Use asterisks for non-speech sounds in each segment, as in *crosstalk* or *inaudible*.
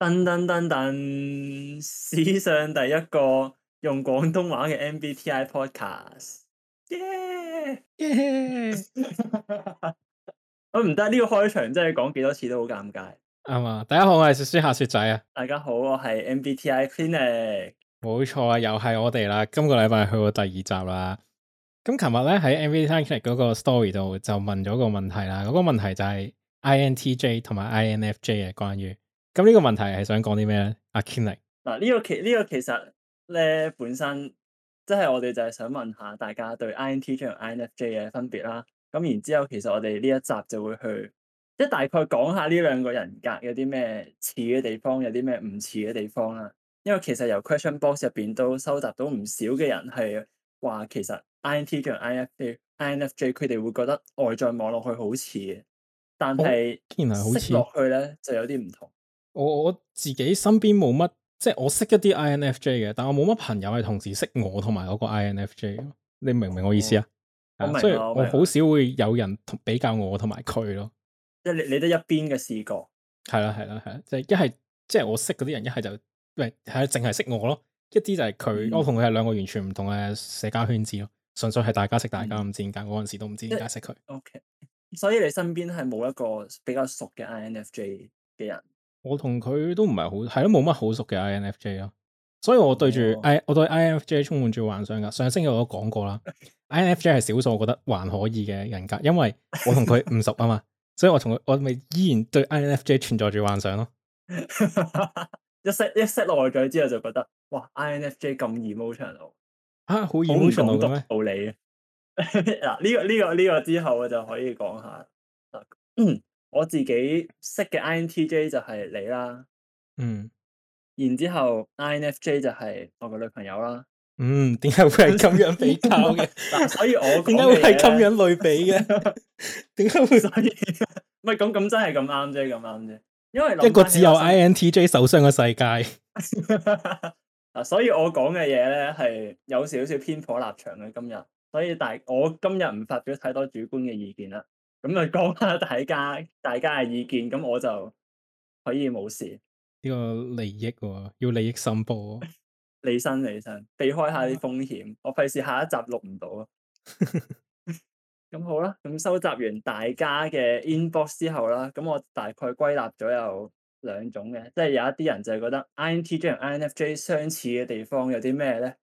噔噔噔噔，史上第一個用廣東話嘅 MBTI podcast，耶耶，我唔得呢個開場，真係講幾多次都好尷尬。啱啊！大家好，我係雪叔下雪仔啊！大家好，我係 MBTI Clinic。冇錯啊，又係我哋啦。今個禮拜去過第二集啦。咁琴日咧喺 MBTI Clinic 嗰個 story 度就問咗個問題啦。嗰、嗰個問題就係 INTJ 同埋 INFJ 嘅關於。咁呢個問題係想講啲咩咧？阿 Kenley 嗱呢個其呢、這個其實咧，本身即係我哋就係想問下大家對 INTJ 同 INFJ 嘅分別啦。咁然之後，其實我哋呢一集就會去即係大概講下呢兩個人格有啲咩似嘅地方，有啲咩唔似嘅地方啦。因為其實由 Question Box 入邊都收集到唔少嘅人係話，其實 INTJ 同 INFJ，INFJ 佢哋會覺得外在望落去好似嘅，但係識落去咧就有啲唔同。我我自己身邊冇乜，即係我識一啲 INFJ 嘅，但我冇乜朋友係同時識我同埋嗰個 INFJ。你明唔明我意思、哦、啊？所以我好少會有人同比較我同埋佢咯。即係你你得一邊嘅試過。係啦，係啦，係啦，即係一係即係我識嗰啲人，一係就唔係係淨係識我咯。一啲就係佢，嗯、我同佢係兩個完全唔同嘅社交圈子咯。純粹係大家識大家，唔、嗯、知點解嗰陣時都唔知點解識佢。O、okay. K，所以你身邊係冇一個比較熟嘅 INFJ 嘅人。我同佢都唔係好係咯，冇乜好熟嘅 INFJ 咯，所以我對住 I、哦、我對 INFJ 充滿住幻想噶。上星期我都講過啦，INFJ 係少數我覺得還可以嘅人格，因為我同佢唔熟啊嘛， *laughs* 所以我同佢我咪依然對 INFJ 存在住幻想咯。 *laughs* 一 set 一 set 落去咗之後就覺得哇，INFJ 咁 emotion 啊，好 emotion 咁咩道理嘅。嗱 *laughs* 呢、呢個呢、呢個呢、呢個呢個之後我就可以講下。嗯我自己識嘅 INTJ 就係你啦，嗯，然之後 INFJ 就係我個女朋友啦，嗯，點解會係咁樣比較嘅 *laughs* 啊？所以我點解會係咁樣類比嘅？點 *laughs* 解會所以？唔係咁咁真係咁啱啫，咁啱啫。因為一個只有 INTJ 受傷嘅世界。嗱、 *laughs* 啊，所以我講嘅嘢咧係有少少偏頗立場嘅今日，所以大我今日唔發表太多主觀嘅意見啦。咁嚟講下大家大家嘅意見，咁我就可以冇事。呢個利益喎，要利益申報，離 *laughs* 身離身，避開下啲風險。啊、我費事下一集錄唔到咯。咁 *laughs* *laughs* 好啦，咁收集完大家嘅 inbox 之後啦，咁我大概歸納咗有兩種嘅，即係有一啲人就係覺得 INTJ 同 INFJ 相似嘅地方有啲咩咧？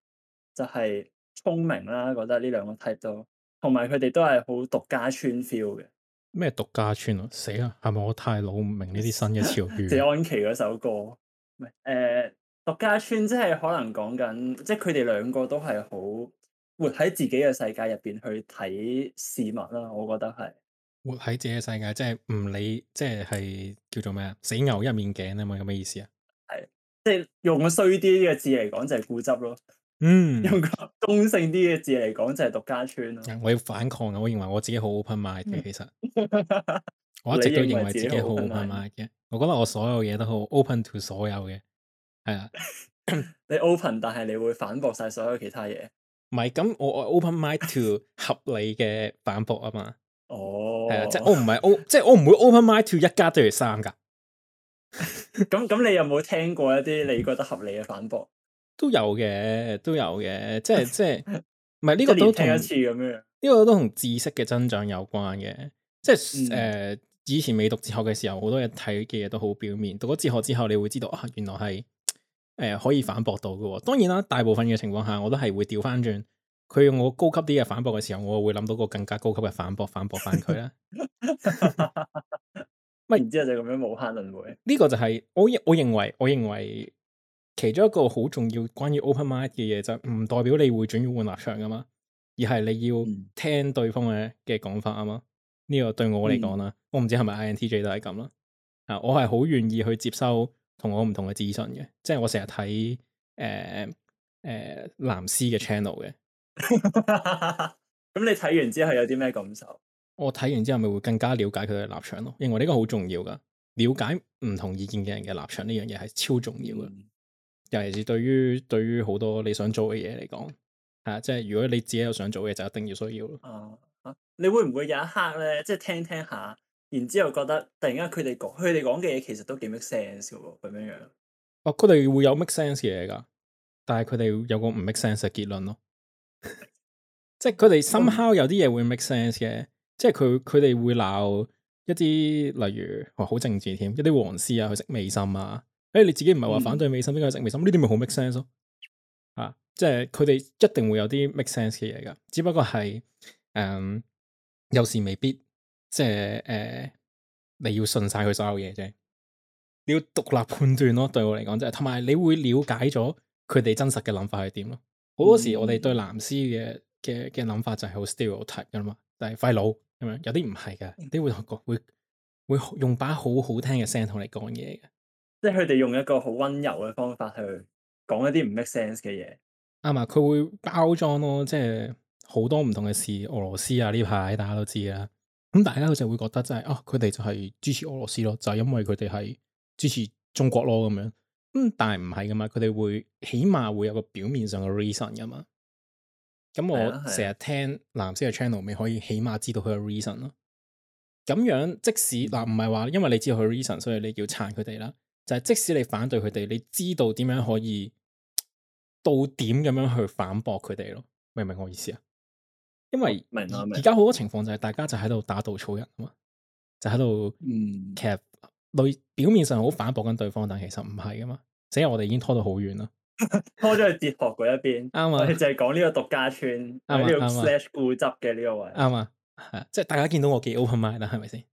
就係、是、聰明啦，覺得呢兩個 type 都。同埋佢哋都係好獨家村 feel 嘅。咩獨家村啊？死啦！係咪我太老唔明呢啲新嘅潮語？謝 *laughs* 安琪嗰首歌，唔係誒，獨家村即係可能講緊，即係佢哋兩個都係好活喺自己嘅世界入邊去睇事物啦。我覺得係活喺自己嘅世界，即係唔理，即係係叫做咩啊？死牛一面頸啊？嘛有咩意思啊？係即係用衰啲嘅字嚟講，就係固執咯。嗯，用個中性啲嘅字嚟講就係、是、獨家村咯。我要反抗啊！我認為我自己好 open mind 嘅，其實 *laughs* 我一直都認為自己好 open mind 嘅。我覺得我所有嘢都好 open to 所有嘅，係啊。 *laughs* 你 open 但係你會反駁晒所有其他嘢？唔係，咁我 open mind to *laughs* 合理嘅反駁啊嘛。哦，係啊，即係我唔係， *laughs* 即係我唔會 open mind to 一加對二三噶。咁咁， *laughs* *laughs* 你有冇聽過一啲你覺得合理嘅反駁？都有嘅，都有嘅，即係即係，唔係呢個都同 *laughs* 一次咁樣。呢個都同知識嘅增長有關嘅，即係誒、嗯呃，以前未讀哲學嘅時候，好多嘢睇嘅嘢都好表面。讀咗哲學之後，你會知道啊，原來係誒、呃、可以反駁到嘅、哦。當然啦，大部分嘅情況下，我都係會調翻轉。佢用我高級啲嘅反駁嘅時候，我會諗到個更加高級嘅反駁，反駁翻佢啦。唔然之後就咁樣無限輪迴。呢 *laughs* *laughs* 、這個就係我我認為我認為。其中一個好重要關於 open mind 嘅嘢，就唔代表你會轉換立場㗎嘛，而係你要聽對方嘅嘅講法啊嘛。呢、嗯、個對我嚟講啦，嗯、我唔知係咪 INTJ 都係咁啦。啊，我係好願意去接收同我唔同嘅資訊嘅，即係我成日睇誒誒藍絲嘅 channel 嘅。咁 *laughs* *laughs* 你睇完之後有啲咩感受？我睇完之後咪會更加了解佢嘅立場咯。認為呢個好重要噶，了解唔同意見嘅人嘅立場呢樣嘢係超重要嘅。嗯尤其是對於對於好多你想做嘅嘢嚟講，啊，即係如果你自己有想做嘅，就一定要需要咯。啊，你會唔會有一刻咧，即係聽聽下，然之後覺得突然間佢哋講佢哋講嘅嘢其實都幾 make sense 喎，咁樣樣。哦，佢哋會有 make sense 嘢㗎，但係佢哋有個唔 make sense 嘅結論咯。即係佢哋 somehow 有啲嘢會 make sense 嘅，即係佢佢哋會鬧一啲，例如話好政治添，一啲黃絲啊去食美心啊。所以、哎、你自己唔係話反對美心，邊個整美心？呢啲咪好 make sense 咯，吓、啊，即係佢哋一定會有啲 make sense 嘅嘢噶，只不過係誒、呃，有時未必，即係誒，你要信晒佢所有嘢啫，你要獨立判斷咯、啊。對我嚟講，即、就、係、是，同埋你會了解咗佢哋真實嘅諗法係點咯。好、嗯、多時我哋對藍絲嘅嘅嘅諗法就係好 stereotype 噶嘛，但係費腦咁樣，有啲唔係噶，啲會會會，會用把好好聽嘅聲同你講嘢嘅。即係佢哋用一個好温柔嘅方法去講一啲唔 make sense 嘅嘢。啱啊，佢會包裝咯，即係好多唔同嘅事。俄羅斯啊，呢排大家都知啦。咁大家佢就會覺得真係啊，佢哋就係支持俄羅斯咯，就係因為佢哋係支持中國咯咁樣。咁但係唔係噶嘛，佢哋會起碼會有個表面上嘅 reason 噶嘛。咁我成日聽藍色嘅 channel，咪可以起碼知道佢嘅 reason 咯。咁樣即使嗱，唔係話因為你知道佢 reason，所以你要撐佢哋啦。就係即使你反對佢哋，你知道點樣可以到點咁樣去反駁佢哋咯？明唔明我意思啊？因為而家好多情況就係大家就喺度打稻草人啊，就喺度，嗯、其實類表面上好反駁緊對方，但其實唔係啊嘛。因為我哋已經拖到好遠啦， *laughs* 拖咗去哲學嗰一邊。啱啊，就係講呢個獨家村，呢個 s 執嘅呢個位。啱啊，即係大家見到我幾 open mind，係咪先？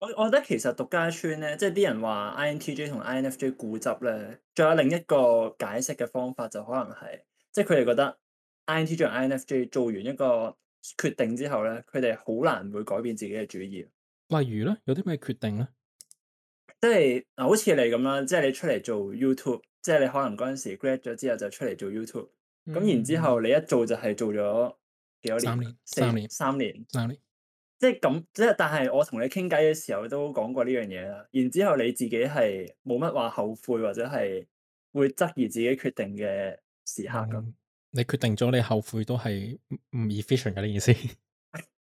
我我覺得其實獨家村咧，即係啲人話 INTJ 同 INFJ 固執咧，仲有另一個解釋嘅方法就可能係，即係佢哋覺得 INTJ 同 INFJ 做完一個決定之後咧，佢哋好難會改變自己嘅主意。例如咧，有啲咩決定咧？即係啊，好似你咁啦，即係你出嚟做 YouTube，即係你可能嗰陣時 grad 咗之後就出嚟做 YouTube，咁、嗯、然之後你一做就係做咗幾多年？三年，四三年，三年，三年。三年即係咁，即係但係我同你傾偈嘅時候都講過呢樣嘢啦。然之後你自己係冇乜話後悔或者係會質疑自己決定嘅時刻咁、嗯。你決定咗，你後悔都係唔 efficient 嘅呢件事。 *laughs*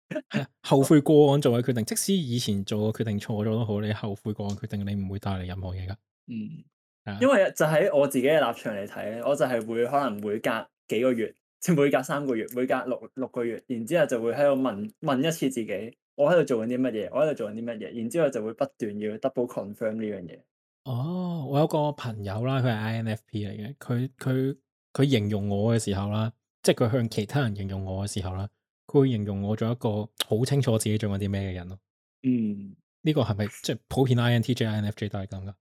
*laughs* 後悔過往做嘅決定，即使以前做嘅決定錯咗都好，你後悔過往決定，你唔會帶嚟任何嘢噶。嗯，Yeah. 因為就喺我自己嘅立場嚟睇，我就係會可能每隔幾個月。即係每隔三個月，每隔六六個月，然之後就會喺度問問一次自己，我喺度做緊啲乜嘢，我喺度做緊啲乜嘢，然之後就會不斷要 double confirm 呢樣嘢。哦，我有個朋友啦，佢係 INFP 嚟嘅，佢佢佢形容我嘅時候啦，即係佢向其他人形容我嘅時候啦，佢會形容我做一個好清楚自己做緊啲咩嘅人咯。嗯，呢個係咪即係普遍 INTJ、INFJ 都係咁噶？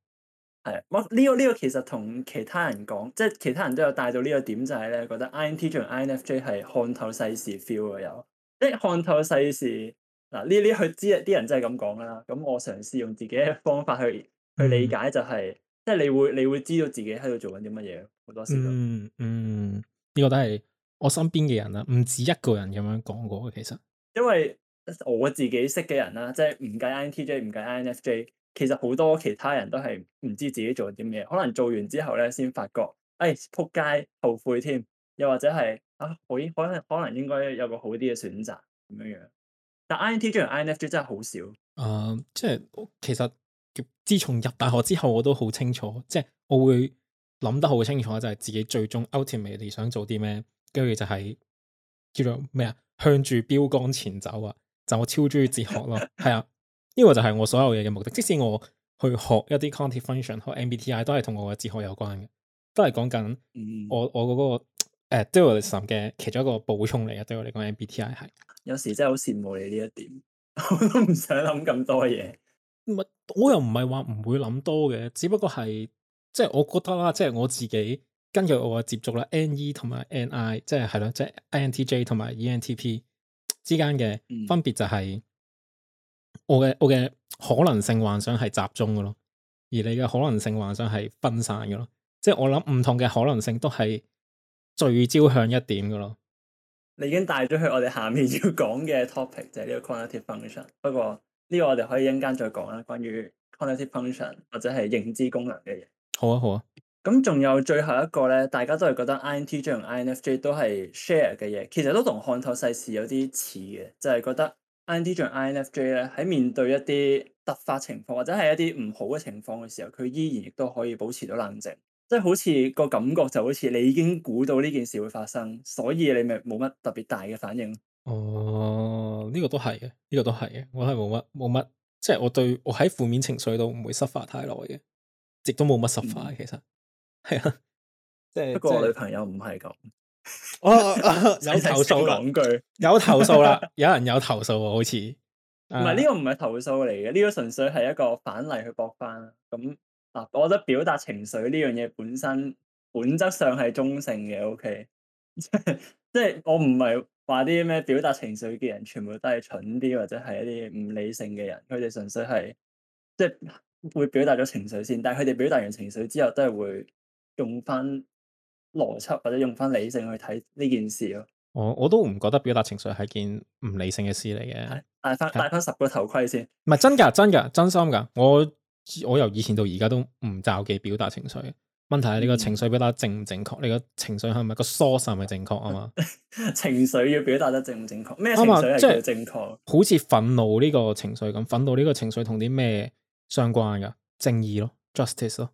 係，我呢、這個呢、這個其實同其他人講，即係其他人都有帶到呢個點仔咧，就是、覺得 INTJ 同 INFJ 係看透世事 feel 嘅有，即係看透世事。嗱呢啲去知啲人真係咁講㗎啦。咁我嘗試用自己嘅方法去去理解、就是，就係、嗯、即係你會你會知道自己喺度做緊啲乜嘢好多時都嗯。嗯嗯，呢、這個都係我身邊嘅人啦，唔止一個人咁樣講過嘅其實。因為我自己識嘅人啦，即係唔計 INTJ，唔計,計 INFJ。其實好多其他人都係唔知自己做咗啲咩，可能做完之後咧先發覺，誒、哎，仆街後悔添，又或者係啊，可可可能應該有個好啲嘅選擇咁樣樣。但 INTJ 同 INFJ 真係好少。誒、呃，即係其實自從入大學之後，我都好清楚，即係我會諗得好清楚，就係、是、自己最終 ultimately 想做啲咩，跟住就係、是、叫做咩啊，向住標杆前走、就是、 *laughs* 啊！就我超中意哲學咯，係啊。呢個就係我所有嘢嘅目的。即使我去學一啲 cognitive function，學 MBTI 都係同我嘅哲學有關嘅，都係講緊我、嗯、我嗰、嗰個誒 dualism 嘅其中一個補充嚟嘅。對我嚟講，MBTI 係。有時真係好羨慕你呢一點，我都唔想諗咁多嘢。唔係，我又唔係話唔會諗多嘅，只不過係即係我覺得啦，即、就、係、是、我自己根據我嘅接觸啦，NE 同埋 NI，即係係咯，即係、就是、INTJ 同埋 ENTP 之間嘅分別就係、是。嗯我嘅我嘅可能性幻想係集中嘅咯，而你嘅可能性幻想係分散嘅咯，即係我諗唔同嘅可能性都係聚焦向一點嘅咯。你已經帶咗去我哋下面要講嘅 topic 就係、是、呢個 cognitive function，不過呢、這個我哋可以一陣間再講啦，關於 cognitive function 或者係認知功能嘅嘢、啊。好啊好啊，咁仲有最後一個咧，大家都係覺得 INTJ 同 INFJ 都係 share 嘅嘢，其實都同看透世事有啲似嘅，就係、是、覺得。INTJ 同 INFJ 咧，喺面對一啲突發情況或者係一啲唔好嘅情況嘅時候，佢依然亦都可以保持到冷靜，即係好似個感覺就好似你已經估到呢件事會發生，所以你咪冇乜特別大嘅反應。哦，呢、這個都係嘅，呢、這個都係嘅，我係冇乜冇乜，即係我對我喺負面情緒度唔會抒發太耐嘅，亦都冇乜抒發、嗯、其實。係 *laughs* 啊、 *laughs* 就是，即係不過我女朋友唔係咁。哦， *laughs* 有投訴兩句，有投訴啦 *laughs* 有人有投訴喎，好似唔係呢個唔係投訴嚟嘅，呢、這個純粹係一個反例去駁翻。咁、嗯、嗱，我覺得表達情緒呢樣嘢本身本質上係中性嘅，OK，即係我唔係話啲咩表達情緒嘅人全部都係蠢啲或者係一啲唔理性嘅人，佢哋純粹係即係會表達咗情緒先，但係佢哋表達完情緒之後都係會用翻。邏輯或者用翻理性去睇呢件事咯。我我都唔覺得表達情緒係件唔理性嘅事嚟嘅。戴翻戴翻十個頭盔先。唔係真噶，真噶，真心噶。我我由以前到而家都唔就嘅表達情緒。問題係你個情緒表達正唔正確？你、嗯、個情緒係咪個 source 係咪正確啊？嘛 *laughs* 嗎？情緒要表達得正唔正確？咩情緒係正確，就是？好似憤怒呢個情緒咁，憤怒呢個情緒同啲咩相關噶？正義咯，justice 咯。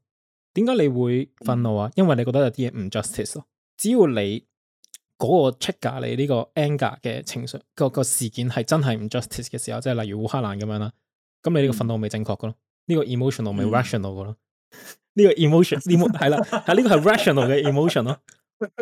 點解你會憤怒啊？因為你覺得有啲嘢唔 justice 咯。只要你嗰、那個 check 你呢個 anger 嘅情緒，個個事件係真係唔 justice 嘅時候，即係例如烏克蘭咁樣啦。咁你呢個憤怒咪正確噶咯？呢、這個 emotional 咪 rational 噶咯？呢、嗯、個 emotion 呢？ *laughs* 係、這、啦、個，係呢個係 rational 嘅 emotion 咯。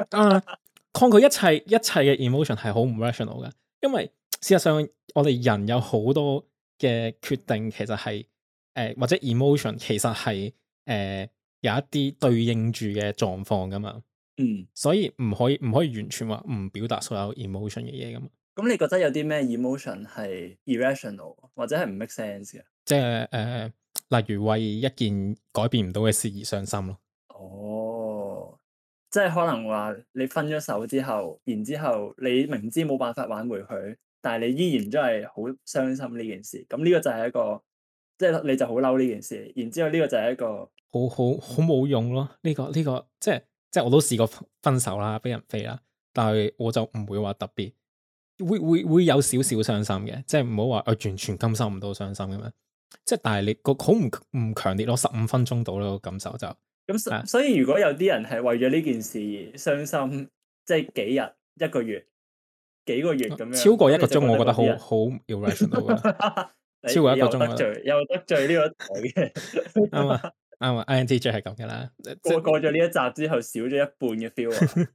啊，抗拒一切一切嘅 emotion 係好唔 rational 㗎，因為事實上我哋人有好多嘅決定其實係誒、呃、或者 emotion 其實係誒。呃有一啲對應住嘅狀況噶嘛，嗯，所以唔可以唔可以完全話唔表達所有 emotion 嘅嘢噶嘛。咁你覺得有啲咩 emotion 係 irrational 或者係唔 make sense 嘅？即係誒、呃，例如為一件改變唔到嘅事而傷心咯。哦，即係可能話你分咗手之後，然之後你明知冇辦法挽回佢，但係你依然真係好傷心呢件事。咁呢個就係一個，即係你就好嬲呢件事。然之後呢個就係一個。好好好冇用咯！呢個呢個即係即係我都試過分手啦，俾人飛啦，但係我就唔會話特別會會會有少少傷心嘅，即係唔好話我完全感受唔到傷心咁樣，即係但係你個好唔唔強烈咯，十五分鐘到啦個感受就咁。那是所以如果有啲人係為咗呢件事而傷心，即係幾日一個月幾個月咁樣，超過一個鐘我覺得好好 irrational 超過一個鐘又得罪又得罪呢個台嘅 *laughs* *laughs* 。啱啊！INTJ 係咁噶啦，過過咗呢一集之後少咗一半嘅 feel 啊。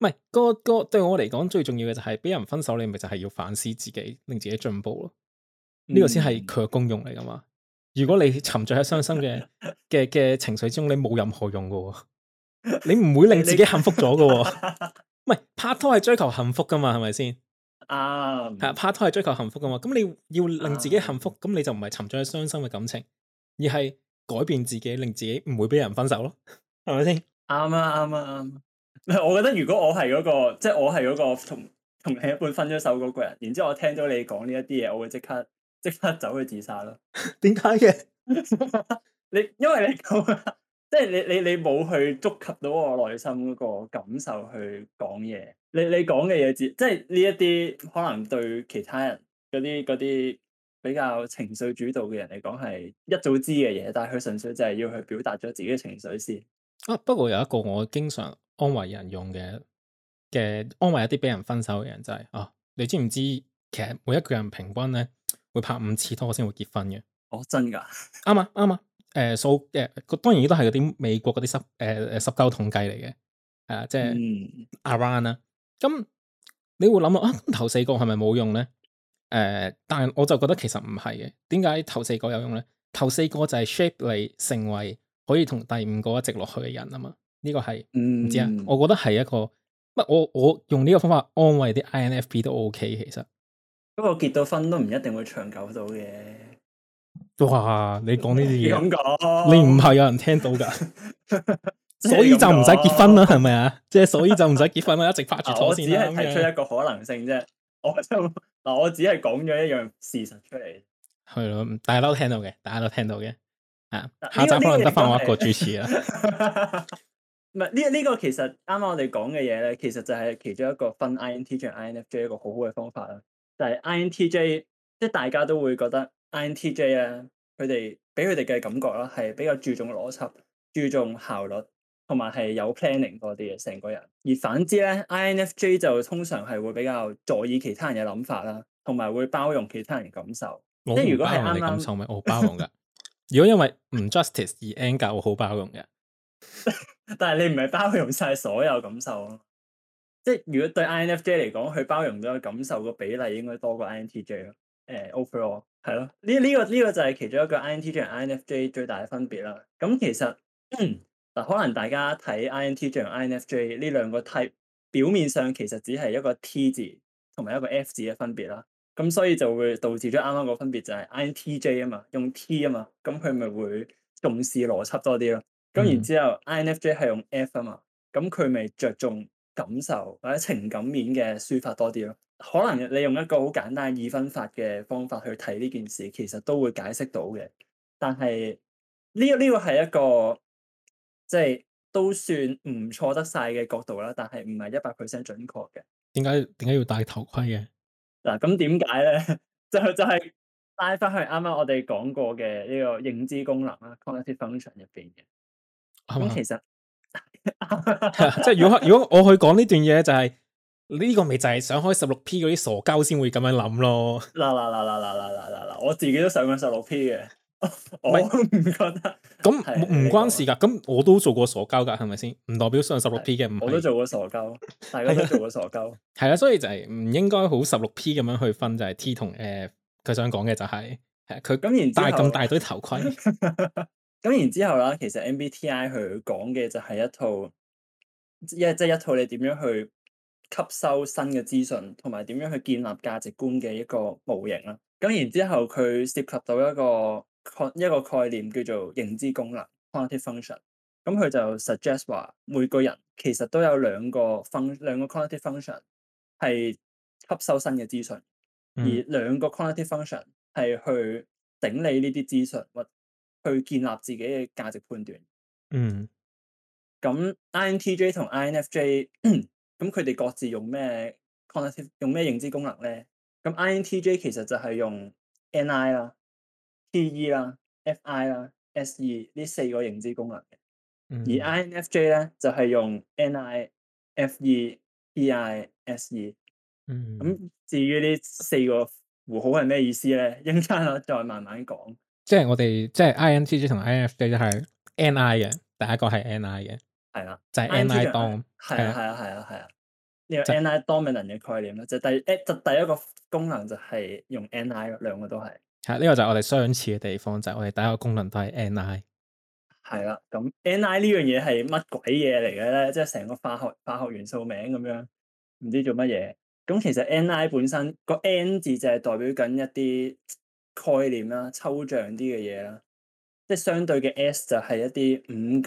唔係， *laughs* 個個對我嚟講最重要嘅就係俾人分手，你咪就係要反思自己，令自己進步咯。呢、這個先係佢嘅功用嚟噶嘛。如果你沉醉喺傷心嘅嘅嘅情緒中，你冇任何用噶，你唔會令自己幸福咗噶。唔係， *laughs* 拍拖係追求幸福噶嘛，係咪先？啱係、um, 啊，拍拖係追求幸福噶嘛。咁你要令自己幸福，咁、um, 你就唔係沉醉喺傷心嘅感情，而係。改變自己，令自己唔會俾人分手咯，係咪先？啱啊， *laughs* 啱啊，啱！我覺得如果我係嗰個，即係我係嗰個同同另一半分咗手嗰個人，然之後我聽到你講呢一啲嘢，我會即刻即刻走去自殺咯。點解嘅？ *laughs* *laughs* 你因為你講，即係你你你冇去觸及到我內心嗰個感受去講嘢。你你講嘅嘢只，即係呢一啲可能對其他人啲嗰啲。比較情緒主導嘅人嚟講，係一早知嘅嘢，但係佢純粹就係要去表達咗自己嘅情緒先。啊，不過有一個我經常安慰人用嘅嘅安慰一啲俾人分手嘅人就係、是、啊，你知唔知其實每一個人平均咧會拍五次拖先會結婚嘅？哦、喔，真噶，啱啊，啱啊。誒、嗯、數、嗯、誒，當然都係嗰啲美國嗰啲十誒誒十舊統計嚟嘅。誒、嗯，即係 around 啊。咁你會諗啊，頭四個係咪冇用咧？誒、呃，但我就覺得其實唔係嘅，點解頭四個有用咧？頭四個就係 shape 你成為可以同第五個一直落去嘅人啊嘛，呢、這個係唔知啊，嗯、我覺得係一個，不我我用呢個方法安慰啲 INFP 都 OK 其實，不過結到婚都唔一定會長久到嘅。哇！你講呢啲嘢，你唔係有人聽到噶， *laughs* 所以就唔使結婚啦，係咪啊？即 *laughs* 係所以就唔使結婚啦，一直拍住拖先啦。我只係提出一個可能性啫。我嗱，我只係講咗一樣事實出嚟，係咯，大家都聽到嘅，大家都聽到嘅，啊，下集可能得翻我一個主持啦。唔係呢，呢個其實啱啱我哋講嘅嘢咧，其實就係其中一個分 INTJ 同 INFJ 一個好好嘅方法啦，就係、是、INTJ，即係大家都會覺得 INTJ 啊，佢哋俾佢哋嘅感覺啦，係比較注重邏輯，注重效率。同埋係有，有 planning 多啲嘅成個人，而反之咧，INFJ 就通常係會比較在意其他人嘅諗法啦，同埋會包容其他人嘅感受。哦、即係如果啱啱，我包容噶。 *laughs* 如果因為唔 justice 而 anger，我好包容噶。 *laughs* 但係你唔係包容晒所有感受咯。即係如果對 INFJ 嚟講，佢包容咗感受個比例應該多過 INTJ 咯，呃。誒，overall 係咯。呢、呢、呢個呢、呢個就係其中一個 INTJ 同 INFJ 最大嘅分別啦。咁其實。嗯嗱，可能大家睇 INTJ 同 INFJ 呢兩個 type，表面上其實只係一個 T 字同埋一個 F 字嘅分別啦。咁所以就會導致咗啱啱個分別就係 INTJ 啊嘛，用 T 啊嘛，咁佢咪會重視邏輯多啲咯。咁、嗯、然之後 INFJ 係用 F 啊嘛，咁佢咪着重感受或者情感面嘅抒發多啲咯。可能你用一個好簡單二分法嘅方法去睇呢件事，其實都會解釋到嘅。但係呢、呢個呢、呢個係一個。即係都算唔錯得晒嘅角度啦，但係唔係一百 percent 準確嘅。點解點解要戴頭盔嘅？嗱咁點解咧？就就係拉翻去啱啱我哋講過嘅呢個認知功能啦，cognitive function 入邊嘅。咁、嗯嗯、其實即係如果如果我去講呢段嘢、就是，這個、就係呢個咪就係想開十六 P 嗰啲傻鳩先會咁樣諗咯。嗱嗱嗱嗱嗱嗱嗱嗱，我自己都上緊十六 P 嘅。我唔覺得，咁唔關事噶，咁是我都做過傻膠噶，係咪先？唔代表上十六 P 嘅唔係。我都做過傻膠， *laughs* 大家都做過傻膠。係啦， *laughs* 所以就係唔應該好十六 P 咁樣去分，就係、是、T 同 F、就是，佢想講嘅就係，係佢當然。戴咁大堆頭盔，咁然之後啦， *laughs* 其實 MBTI 佢講嘅就係一套即係一，就是、一套你點樣去吸收新嘅資訊，同埋點樣去建立價值觀嘅一個模型啦。咁然之後佢涉及到一個。一個概念叫做認知功能 cognitive function，咁佢就 suggest 話每個人其實都有兩個 fun 兩個 cognitive function 係吸收新嘅資訊，而兩個 cognitive function 係去整理呢啲資訊，或去建立自己嘅價值判斷。嗯，咁 INTJ 同 INFJ，咁佢哋各自用咩 cognitive 用咩認知功能呢？咁 INTJ 其實就係用 Ni 啦、啊 T E 啦，F I 啦，S E 呢四個認知功能，嘅。而 I N F J 咧就係用 N I F E E I S E 嗯，咁至於呢四個符號係咩意思咧？陣間我再慢慢講。即係我哋即係 I N T J 同 I N F J 就係 N I 嘅，第一個係 N I 嘅。係啦，就係 N I dom。係啊係啊係啊係啊，呢個 N I dominant 嘅概念咧，就第誒就第一個功能就係用 N I 咯，兩個都係。係，呢個就係我哋相似嘅地方，就係我哋第一個功能都係 N I。係啦，咁 N I 呢樣嘢係乜鬼嘢嚟嘅咧？即係成個化學化學元素名咁樣，唔知做乜嘢。咁其實 N I 本身個 N 字就係代表緊一啲概念啦，抽象啲嘅嘢啦。即係相對嘅 S 就係一啲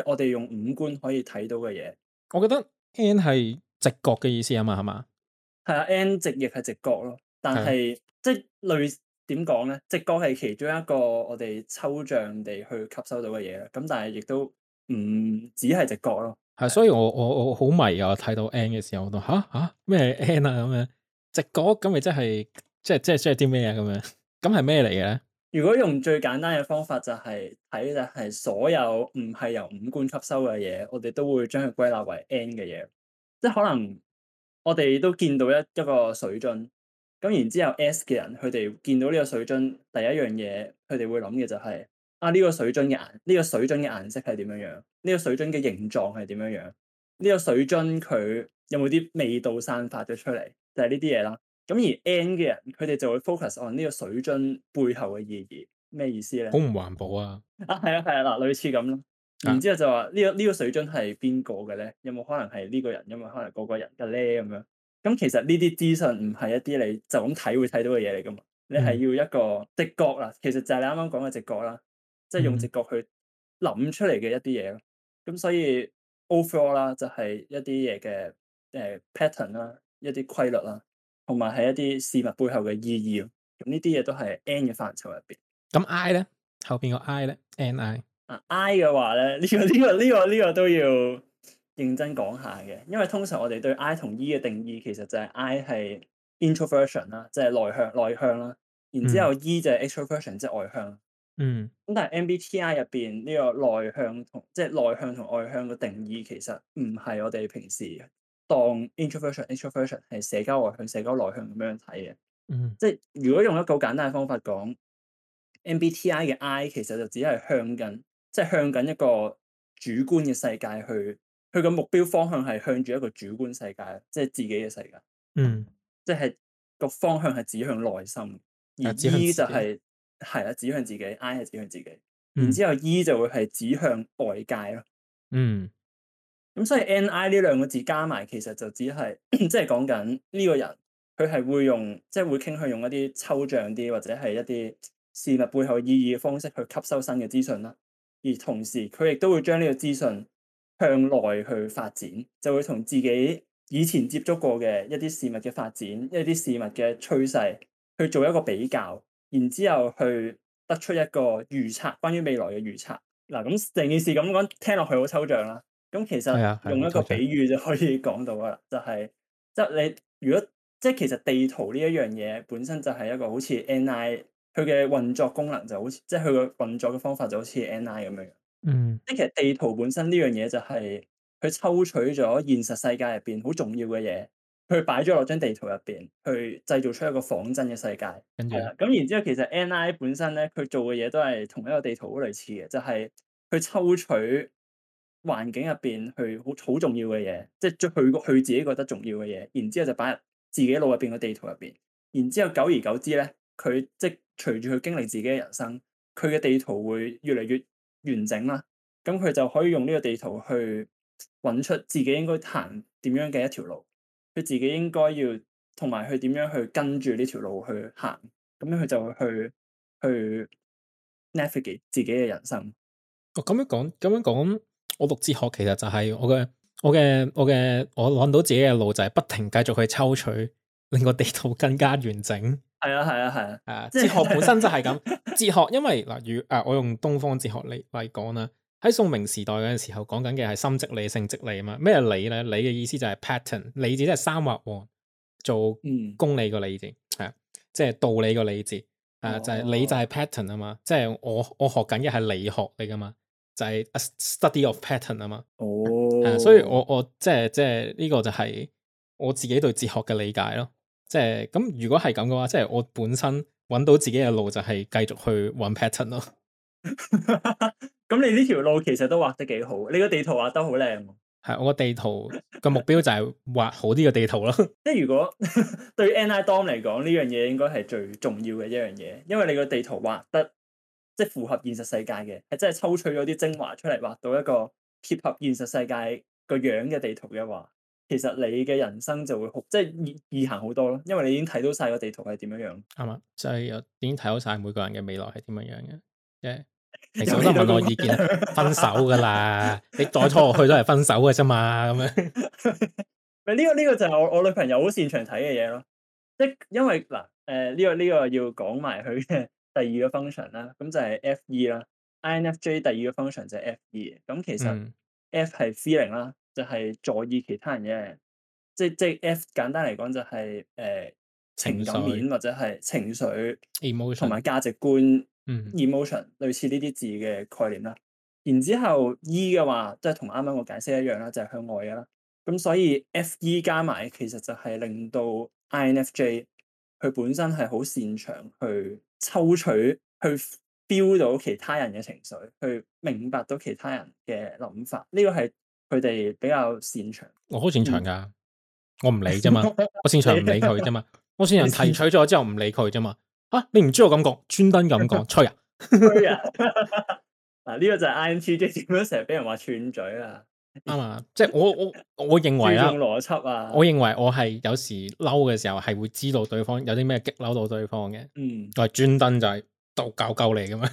五，我哋用五官可以睇到嘅嘢。我覺得 N 係直覺嘅意思啊嘛，係嘛？係啊，N 直亦係直覺咯。但係即係類。點講咧？直覺係其中一個我哋抽象地去吸收到嘅嘢啦。咁但係亦都唔只係直覺咯。係，所以我我我好迷啊！睇到 N 嘅時候，我話吓吓咩 N 啊？咁樣直覺咁咪即係即係即係即係啲咩啊？咁樣咁係咩嚟嘅咧？如果用最簡單嘅方法，就係，就係睇就係所有唔係由五官吸收嘅嘢，我哋都會將佢歸納為 N 嘅嘢。即係可能我哋都見到一一個水樽。咁然之後 S 嘅人，佢哋見到呢個水樽第一樣嘢，佢哋會諗嘅就係啊，呢個水樽嘅顏，呢個水樽嘅顏色係點樣樣？呢個水樽嘅形狀係點樣樣？呢個水樽佢有冇啲味道散發咗出嚟？就係呢啲嘢啦。咁而 N 嘅人，佢哋就會 focus on 呢個水樽背後嘅意義，咩意思咧？好唔環保啊！啊係啊，係啊嗱，類似咁咯。然之後就話呢個呢個水樽係邊個嘅咧？有冇可能係呢個人？因為可能個個人嘅咧咁樣。咁其實呢啲資訊唔係一啲你就咁睇會睇到嘅嘢嚟噶嘛嗯、你係要一個的覺啦，其實就係你啱啱講嘅直覺啦，即、就、係、是、用直覺去諗出嚟嘅一啲嘢咯。咁、嗯、所以 overall 啦，就、呃、係一啲嘢嘅誒 pattern 啦，一啲規律啦，同埋係一啲事物背後嘅意義。咁呢啲嘢都係 N 嘅範疇入邊。咁 I 咧，後邊、啊呢個 I 咧，N I 啊，I 嘅話咧，呢、呢個呢、呢個呢個呢個都要。認真講下嘅，因為通常我哋對 I 同 E 嘅定義其實就係 I 係 introversion 啦，即係內向內向啦，然之後 E 就係 extroversion 即係外向。嗯。咁但係 MBTI 入邊呢個內向同即係、就是、內向同外向嘅定義其實唔係我哋平時當 introversion extroversion 係社交外向、社交內向咁樣睇嘅。嗯。即係如果用一個好簡單嘅方法講，MBTI 嘅 I 其實就只係向緊，即、就、係、是、向緊一個主觀嘅世界去。佢個目標方向係向住一個主觀世界，即係自己嘅世界。嗯，即係個方向係指向內心，而 I、E、就係係啦，指向自己，I 係指向自己。然之後，E、嗯、就會係指向外界咯。嗯，咁所以 N I 呢兩個字加埋，其實就只係即係講緊呢個人，佢係會用即係、即係、會傾向用一啲抽象啲或者係一啲事物背後意義嘅方式去吸收新嘅資訊啦。而同時，佢亦都會將呢個資訊，向內去發展，就會同自己以前接觸過嘅一啲事物嘅發展，一啲事物嘅趨勢去做一個比較，然之後去得出一個預測，關於未來嘅預測。嗱、啊，咁成件事咁講，聽落去好抽象啦。咁其實用一個比喻就可以講到噶啦，就係、是、即係你如果即係其實地圖呢一樣嘢本身就係一個好似 Ni，佢嘅運作功能就好似，即係佢嘅運作嘅方法就好似 Ni 咁樣。嗯，即其實地圖本身呢樣嘢就係佢抽取咗現實世界入邊好重要嘅嘢，去擺咗落張地圖入邊，去製造出一個仿真嘅世界。跟住、嗯，咁然之後其實 Ni 本身咧，佢做嘅嘢都係同一個地圖好類似嘅，就係、係、佢抽取環境入邊去好好重要嘅嘢，即係佢去自己覺得重要嘅嘢，然之後就擺入自己腦入邊嘅地圖入邊。然之後久而久之咧，佢即係隨住佢經歷自己嘅人生，佢嘅地圖會越嚟越完整啦，咁佢就可以用呢個地圖去揾出自己應該行點樣嘅一條路，佢自己應該要同埋佢點樣去跟住呢條路去行，咁樣佢就會去去 navigate 自己嘅人生。哦，咁樣講，咁樣講，我讀哲學其實就係我嘅，我嘅，我嘅，我揾到自己嘅路就係不停繼續去抽取令個地圖更加完整。係啊，係啊，係啊！誒，哲學本身就係咁，就是，哲學因為嗱，如、呃、誒，我用東方哲學嚟嚟講啦。喺宋明時代嗰陣時候講緊嘅係心即理，性即理啊嘛。咩理咧？理嘅意思就係 pattern，理字即係三畫王，做公理個理字，係即係道理個理字，誒、啊、就係、是、理就係 pattern 啊嘛。即係我我學緊嘅係理學嚟噶嘛，就係、是就是、a study of pattern 啊嘛。哦、啊，所以我我即係即係呢個就係我自己對哲學嘅理解咯。即係咁，如果係咁嘅話，即係我本身揾到自己嘅路，就係繼續去揾 pattern 咯。咁 *laughs* 你呢條路其實都畫得幾好，你個地圖畫得圖畫好靚。係我個地圖個目標就係畫好啲嘅地圖咯。 *laughs* 即係如果 *laughs* 對 Ni Dom 嚟講呢樣嘢，應該係最重要嘅一樣嘢，因為你個地圖畫得即係符合現實世界嘅，係真係抽取咗啲精華出嚟，畫到一個貼合現實世界個樣嘅地圖嘅話。其實你嘅人生就會好，即係易行好多咯，因為你已經睇到晒個地圖係點樣樣。啱啊，就係、是、又已經睇好晒每個人嘅未來係點樣樣嘅。Yeah. 其你我都問我意見，分手噶啦， *laughs* 你再拖落去都係分手嘅啫嘛。咁 *laughs* 樣、 *laughs* 這個，咪呢個呢個就係我我女朋友好擅長睇嘅嘢咯。即係因為嗱，誒、這、呢個呢、這個要講埋佢嘅第二個 function 啦。咁就係 F 二啦，INFJ 第二個 function 就係 F 二。咁其實 F 係 feeling 啦。就係在意其他人嘅，即係即係 F 簡單嚟講就係誒情感面或者係情緒同埋價值觀、嗯、emotion 類似呢啲字嘅概念啦。然之後 E 嘅話即係同啱啱我解釋一樣啦，就係、是、向外嘅啦。咁所以 F-E 加埋其實就係令到 INFJ 佢本身係好擅長去抽取、去 feel 到其他人嘅情緒，去明白到其他人嘅諗法。呢、這個係。佢哋比較擅長，我好擅長噶，嗯、我唔理啫嘛， *laughs* 我擅長唔理佢啫嘛， *laughs* 我擅長提取咗之後唔理佢啫嘛。嚇、啊，你唔知我感覺，專登咁講，吹人。嗱，呢個就係 INTJ 點樣成日俾人話串嘴啦，啱啊。即係、 *laughs* 就是、我我我，我認為啊， *laughs* 邏輯啊，我認為我係有時嬲嘅時候係會知道對方有啲咩激嬲到對方嘅，嗯，我係專登就係度搞鳩你噶嘛。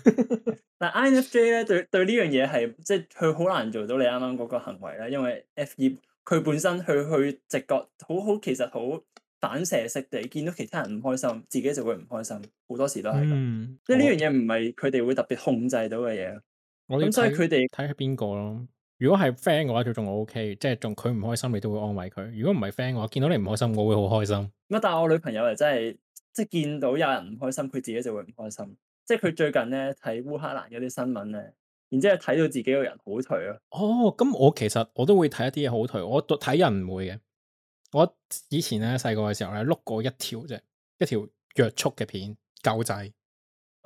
但 INFJ 咧，對對呢樣嘢係，即係佢好難做到你啱啱嗰個行為咧，因為 F 業佢本身去去直覺好好，其實好反射式地見到其他人唔開心，自己就會唔開心，好多時都係咁，嗯、即係呢樣嘢唔係佢哋會特別控制到嘅嘢。我咁所以佢哋睇下邊個咯。如果係 friend 嘅話，就仲 OK，即係仲佢唔開心，你都會安慰佢。如果唔係 friend 嘅話，見到你唔開，開心，我會好開心。唔，但係我女朋友就真係即係見到有人唔開心，佢自己就會唔開心。即係佢最近咧睇烏克蘭嗰啲新聞咧，然之後睇到自己個人好頹咯。哦，咁我其實我都會睇一啲嘢，好頹，我睇人唔會嘅。我以前咧細個嘅時候咧，碌過一條啫，一條虐畜嘅片，狗仔。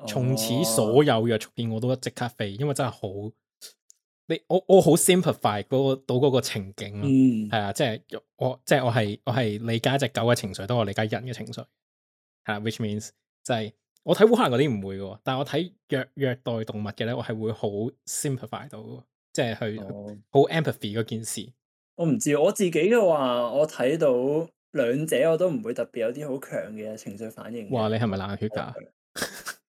從此、哦、所有虐畜片我都即刻飛，因為真係好。你我我好 simplify 嗰、嗰個到、嗰個嗰個情景，嗯，係啊，即係我即係我係我係理解一隻狗嘅情緒，多過我理解人嘅情緒。係啦，which means 就係。我睇烏克蘭嗰啲唔會嘅，但係我睇虐待動物嘅咧，我係會好 simplify 到，即係去好，哦，empathy 嗰件事。我唔知，我自己嘅話，我睇到兩者我都唔會特別有啲好強嘅情緒反應。哇！你係咪冷血噶？嗯，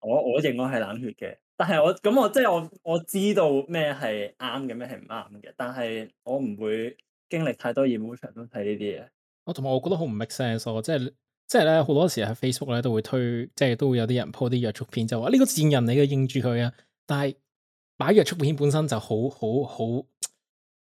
我我認為係冷血嘅， *laughs* 但係我咁我即係我我知道咩係啱嘅，咩係唔啱嘅，但係我唔會經歷太多 emotion，長都睇呢啲嘢。我同埋我覺得好唔 make sense 咯，即係。即係咧，好多時喺 Facebook 咧都會推，即係都會有啲人 po 啲虐畜片，就話呢個賤人你應該應住佢啊。但係擺虐畜片本身就好好好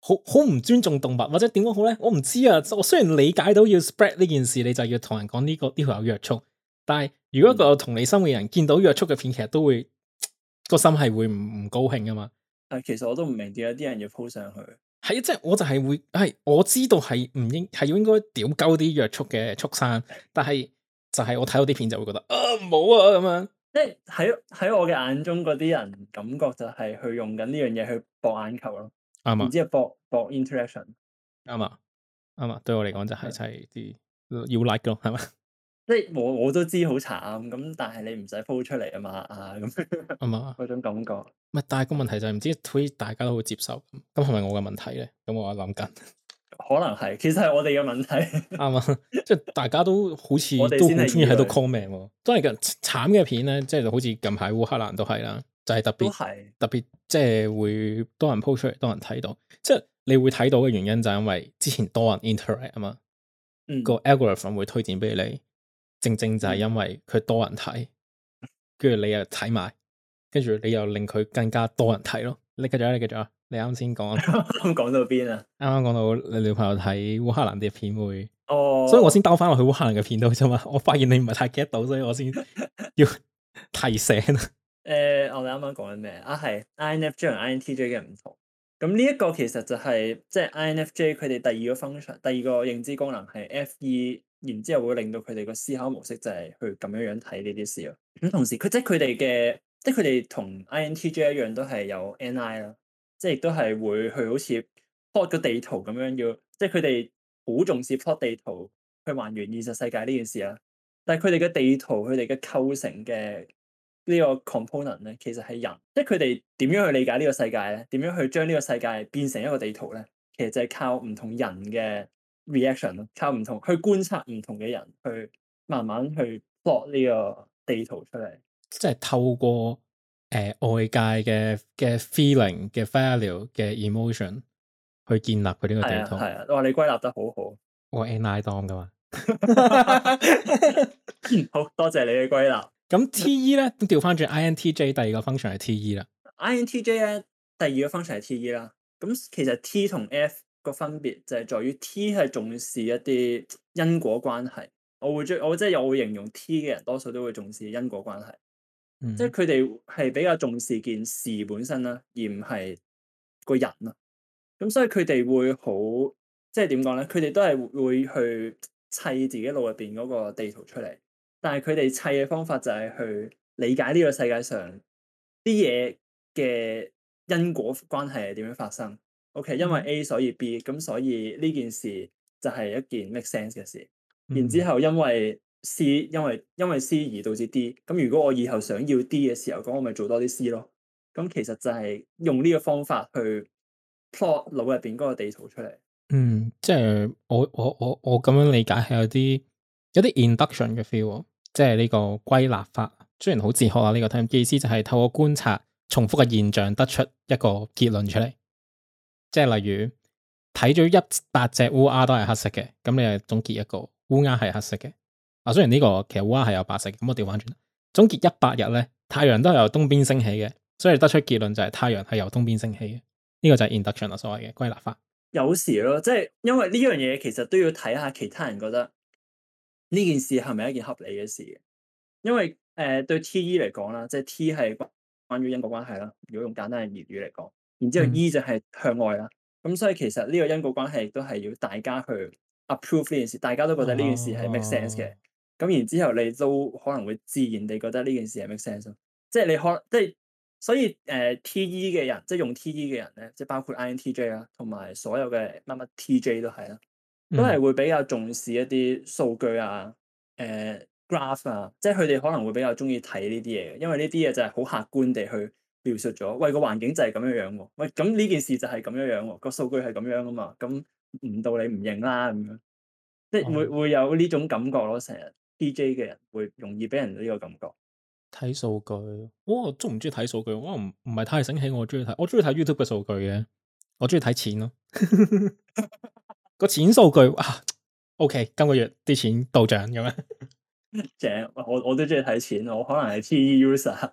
好好唔尊重動物，或者點講好咧？我唔知啊。我雖然理解到要 spread 呢件事，你就要同人講呢、呢個呢條有虐畜，但係如果一個同理心嘅人見到虐畜嘅片，嗯、其實都會、個心係會唔唔高興噶嘛。但其實我都唔明點解啲人要 po 上去。係，即係、就是、我就係會係我知道係唔應係要應該屌鳩啲約束嘅畜生，但係就係我睇到啲片就會覺得啊唔好啊咁樣，即係喺喺我嘅眼中嗰啲人感覺就係去用緊呢樣嘢去博眼球咯，啱啊，啊，然之後博博 interaction，啱啊，啱啊，對我嚟講就係即係啲要 like 咯，係、啊、嘛。啊即係我我都知好慘咁，但係你唔使 po 出嚟啊嘛，啊咁嗰 *laughs* 嗎 *laughs* 種感覺。唔係，但係個問題就係、是、唔知推大家都會接受，咁係咪我嘅問題咧？咁我諗緊， *laughs* 可能係，其實係我哋嘅問題。啱啊， *laughs* 即、就、係、是、大家都好似 *laughs* 都、啊就是、好中意喺度 comment 喎。都係嘅，慘嘅片咧，即係就好似近排烏克蘭都係啦，就係、是、特別是特別，即、就、係、是、會多人 po 出嚟，多人睇到。即、就、係、是、你會睇到嘅原因就係因為之前多人 interact 啊嘛，個 algorithm 會推薦俾你。嗯 *noise* 正正就係因為佢多人睇，跟住你又睇埋，跟住你又令佢更加多人睇咯。你繼續啊，你繼續啊，你啱先講，啱講到邊啊？啱啱講到你女朋友睇烏克蘭嘅片會，哦，所以我先兜翻落去烏克蘭嘅片度啫嘛。我發現你唔係太 get 到，所以我先要提醒。誒 *laughs* 、呃，我哋啱啱講緊咩啊？係 INFJ 同 INTJ 嘅唔同。咁呢一個其實就係、是、即係、就是、INFJ 佢哋第二個 function，第二個認知功能係 FE。然之後會令到佢哋個思考模式就係去咁樣樣睇呢啲事咯。咁同時，佢即係佢哋嘅，即係佢哋同 INTJ 一樣都係有 NI 啦，即係亦都係會去好似 plot 個地圖咁樣要，即係佢哋好重視 plot 地圖去還原現實世界呢件事啦。但係佢哋嘅地圖，佢哋嘅構成嘅呢個 component 咧，其實係人，即係佢哋點樣去理解呢個世界咧？點樣去將呢個世界變成一個地圖咧？其實就係靠唔同人嘅。reaction 咯，靠唔同去觀察唔同嘅人，去慢慢去 plot 呢個地圖出嚟。即係透過誒外界嘅嘅 feeling，嘅 value，嘅 emotion 去建立佢呢個地圖。係啊，我話你歸納得好好。我 AI done 㗎嘛？好多謝你嘅歸納。咁 TE 咧，咁調返轉 INTJ 第二個 function 係 TE 啦。INTJ 咧，第二個 function 係 TE 啦。咁其實 T 同 F。個分別就係在於 T 係重視一啲因果關係，我會最我即係我會形容 T 嘅人，多數都會重視因果關係，mm hmm. 即係佢哋係比較重視件事本身啦，而唔係個人啦。咁所以佢哋會好即係點講咧？佢哋都係會去砌自己腦入邊嗰個地圖出嚟，但係佢哋砌嘅方法就係去理解呢個世界上啲嘢嘅因果關係係點樣發生。OK，因為 A 所以 B，咁所以呢件事就係一件 make sense 嘅事。然之後因為 C，、嗯、因為因為 C 而導致 D。咁如果我以後想要 D 嘅時候，咁我咪做多啲 C 咯。咁其實就係用呢個方法去 plot 腦入邊嗰個地圖出嚟。嗯，即係我我我我咁樣理解係有啲有啲 induction 嘅 feel 啊、哦，即係呢個歸納法。雖然好哲學啊，呢、這個 time 嘅意思就係透過觀察重複嘅現象，得出一個結論出嚟。即係例如睇咗一百隻烏鴉都係黑色嘅，咁你啊總結一個烏鴉係黑色嘅。啊，雖然呢、這個其實烏鴉係有白色嘅，咁我調翻轉。總結一百日咧，太陽都係由東邊升起嘅，所以得出結論就係太陽係由東邊升起嘅。呢個就係 induction 啦，所謂嘅歸納法。有時咯，即係因為呢樣嘢其實都要睇下其他人覺得呢件事係咪一件合理嘅事。因為誒、呃、對 T E 嚟講啦，即係 T 係關於關於因果關係啦。如果用簡單嘅粵語嚟講。然之後 E 就係向外啦，咁、嗯、所以其實呢個因果關係都係要大家去 approve 呢件事，大家都覺得呢件事係 make sense 嘅，咁、啊啊、然之後你都可能會自然地覺得呢件事係 make sense 咯，即係你可能，即係所以誒、呃、T E 嘅人，即係用 T E 嘅人咧，即係包括 I N T J 啊，同埋所有嘅乜乜 T J 都係啦，都係會比較重視一啲數據啊、誒、呃、graph 啊，即係佢哋可能會比較中意睇呢啲嘢，因為呢啲嘢就係好客觀地去描述咗，喂個環境就係咁樣樣喎，喂咁呢件事就係咁樣樣喎，個數據係咁樣噶嘛，咁唔到你唔認啦咁樣，即係會、哦、會有呢種感覺咯，成日 DJ 嘅人會容易俾人呢個感覺。睇數、哦數、哦、數據，我中唔中意睇數據？我唔唔係太醒起我中意睇，我中意睇 YouTube 嘅數據嘅，我中意睇錢咯，個錢數據，啊 OK 今個月啲錢到賬咁樣！ *laughs* 正我我都中意睇錢，我可能係 T E user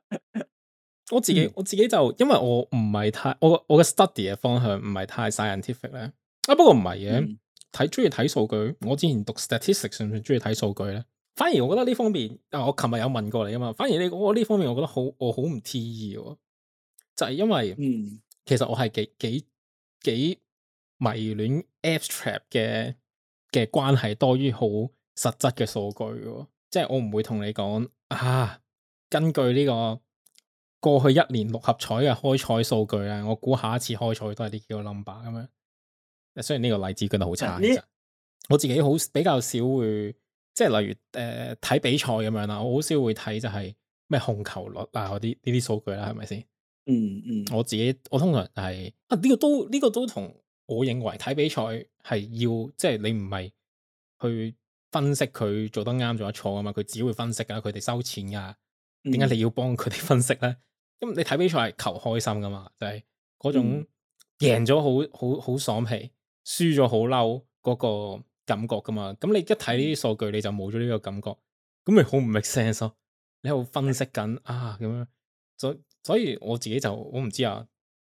*laughs* 我自己我自己就因為我唔係太我我嘅 study 嘅方向唔係太 scientific 咧。啊不過唔係嘅，睇中意睇數據。我之前讀 statistics，算唔算中意睇數據咧？反而我覺得呢方面，啊我琴日有問過你啊嘛。反而你我呢方面，我覺得好我好唔 T E 嘅。就係、是、因為，嗯，其實我係幾幾幾迷戀 abstract 嘅嘅關係多於好。實質嘅數據，即係我唔會同你講啊，根據呢個過去一年六合彩嘅開彩數據咧，我估下一次開彩都係呢幾個 number 咁樣。雖然呢個例子覺得好差嘅啫，我自己好比較少會，即係例如誒睇、呃、比賽咁樣啦，我好少會睇就係咩控球率啊嗰啲呢啲數據啦，係咪先？嗯嗯，我自己我通常係啊呢個都呢個都同我認為睇比賽係要即係你唔係去。分析佢做得啱做得錯啊嘛，佢只會分析噶，佢哋收錢噶。點解、嗯、你要幫佢哋分析咧？咁你睇比賽係求開心噶嘛，就係、是、嗰種贏咗好好好爽皮，輸咗好嬲嗰個感覺噶嘛。咁你一睇呢啲數據，你就冇咗呢個感覺，咁咪好唔 make sense 咯。你喺度分析緊的啊咁樣，所以所以我自己就我唔知啊，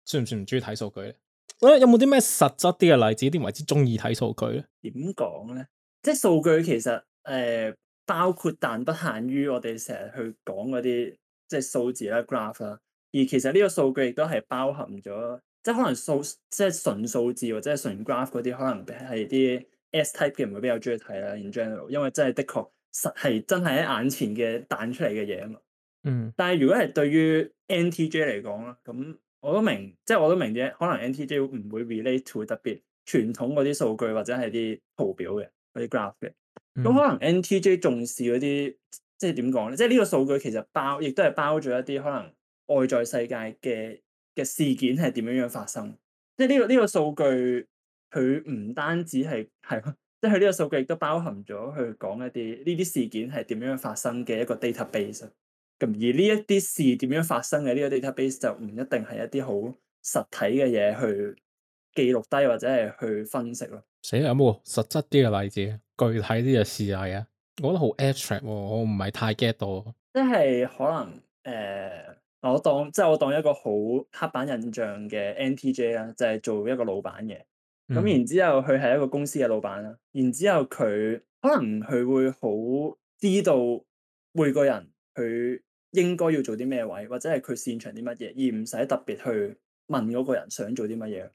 算唔算唔中意睇數據咧？誒、啊，有冇啲咩實質啲嘅例子？點為之中意睇數據咧？點講咧？即係數據其實誒、呃、包括，但不限於我哋成日去講嗰啲即係數字啦、graph 啦。而其實呢個數據亦都係包含咗，即係可能數即係純數字或者係純 graph 嗰啲，可能係啲 S type 嘅人會比較中意睇啦。In general，因為真係的確係真係喺眼前嘅彈出嚟嘅嘢啊嘛。嗯。但係如果係對於 NTJ 嚟講啦，咁我都明，即係我都明嘅，可能 NTJ 唔會 relate to 特別傳統嗰啲數據或者係啲圖表嘅。嗰啲 graph 嘅，咁、嗯、可能 NTJ 重視嗰啲，即係點講咧？即係呢個數據其實包，亦都係包咗一啲可能外在世界嘅嘅事件係點樣樣發生。即係呢個呢個數據，佢唔單止係係即係佢呢個數據亦都包含咗去講一啲呢啲事件係點樣發生嘅一個 database。咁而呢一啲事點樣發生嘅呢個 database 就唔一定係一啲好實體嘅嘢去記錄低或者係去分析咯。死啦！有冇實質啲嘅例子，具體啲嘅事例啊？我覺得好 abstract，我唔係太 get 到。即係可能誒、呃，我當即係我當一個好刻板印象嘅 NTJ 啦，就係做一個老闆嘅。咁然之後，佢係一個公司嘅老闆啦。嗯、然之後佢可能佢會好知道每個人佢應該要做啲咩位，或者係佢擅長啲乜嘢，而唔使特別去問嗰個人想做啲乜嘢。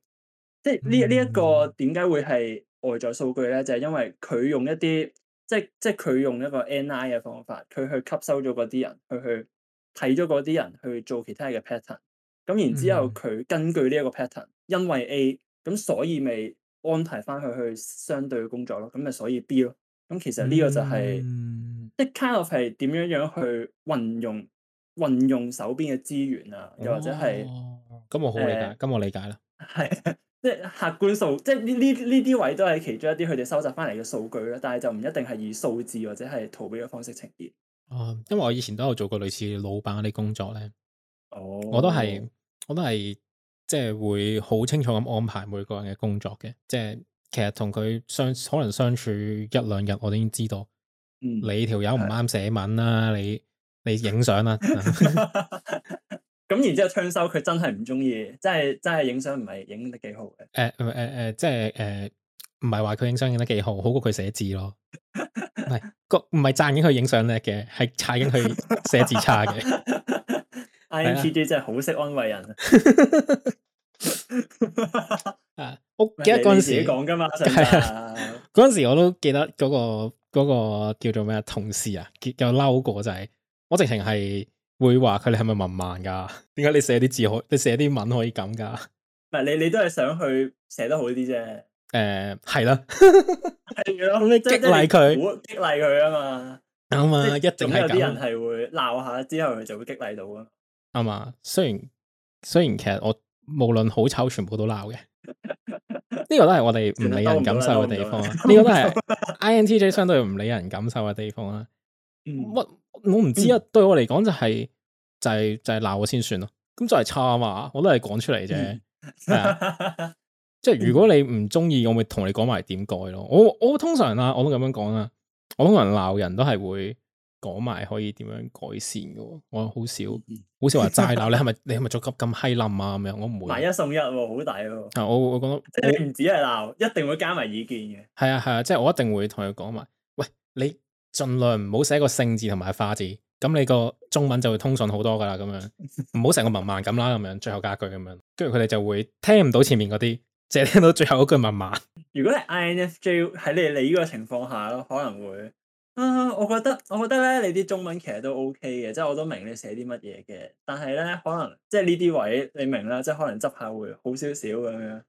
即係呢，呢一個點解會係外在數據咧？就係、是、因為佢用一啲即係即係佢用一個 NI 嘅方法，佢去吸收咗嗰啲人，去去睇咗嗰啲人去做其他嘅 pattern。咁然之後佢根據呢一個 pattern，因為 A 咁，所以咪安排翻佢去相對嘅工作咯。咁咪所以 B 咯。咁其實呢個就係、是嗯、即係 Kind of 係點樣樣去運用運用手邊嘅資源啊？又或者係咁、哦、我好理解，咁、呃、我理解啦。係。 *laughs* 即係客觀數，即係呢呢呢啲位都係其中一啲，佢哋收集翻嚟嘅數據咧。但係就唔一定係以數字或者係圖表嘅方式呈現。啊、哦，因為我以前都有做過類似老闆嗰啲工作咧。哦我都，我都係，我都係，即係會好清楚咁安排每個人嘅工作嘅。即係其實同佢相可能相處一兩日，我都已經知道，嗯、你條友唔啱寫文啦、啊的，你你影相啦。 *laughs* *laughs* 咁然之後，槍手佢真係唔中意，真係真係影相唔係影得幾好嘅。誒誒誒，即係誒，唔係話佢影相影得幾好，好過佢寫字咯。唔係，個唔係讚緊佢影相叻嘅，係差緊佢寫字差嘅。INTJ 真係好識安慰人啊！我記得嗰陣時講噶嘛，嗰陣時我都記得嗰個嗰個叫做咩啊，同事啊，又嬲過就係我直情係。會話佢哋係咪文盲噶？點解你寫啲字可以你？你寫啲文可以咁噶？唔係你你都係想去寫得好啲啫。誒、呃，係啦，係 *laughs* *laughs* 激勵佢他， *laughs* 激勵佢啊嘛。啱啊、嗯，一定係有啲人係會鬧下之後佢就會激勵到啊。啱啊、嗯，雖然雖然其實我無論好醜全部都鬧嘅，呢 *laughs* 個都係我哋唔理人感受嘅地方。呢個都係 INTJ 相對唔理人感受嘅地方啦。嗯， *laughs* 我唔知啊！對我嚟講就係就係就係鬧我先算咯。咁就係差嘛，我都係講出嚟啫。即係如果你唔中意，我咪同你講埋點改咯。我我通常啊，我都咁樣講啊。我通常鬧人都係會講埋可以點樣改善噶。我好少，好少話齋鬧你。係咪你係咪着急咁閪冧啊？咁樣我唔會買一送一，好抵。但係我我覺得，即係你唔止係鬧，一定會加埋意見嘅。係啊係啊，即係我一定會同佢講埋。喂，你。盡量唔好寫個姓字同埋花字，咁你個中文就會通順好多噶啦，咁樣唔好成個文盲咁啦，咁樣最後加句咁樣，跟住佢哋就會聽唔到前面嗰啲，淨係聽到最後嗰句文盲。如果 IN J，你 INFJ 喺你你呢個情況下咯，可能會啊、嗯，我覺得我覺得咧，你啲中文其實都 OK 嘅，即係我都明你寫啲乜嘢嘅，但係咧可能即係呢啲位你明啦，即係可能執下會好少少咁樣，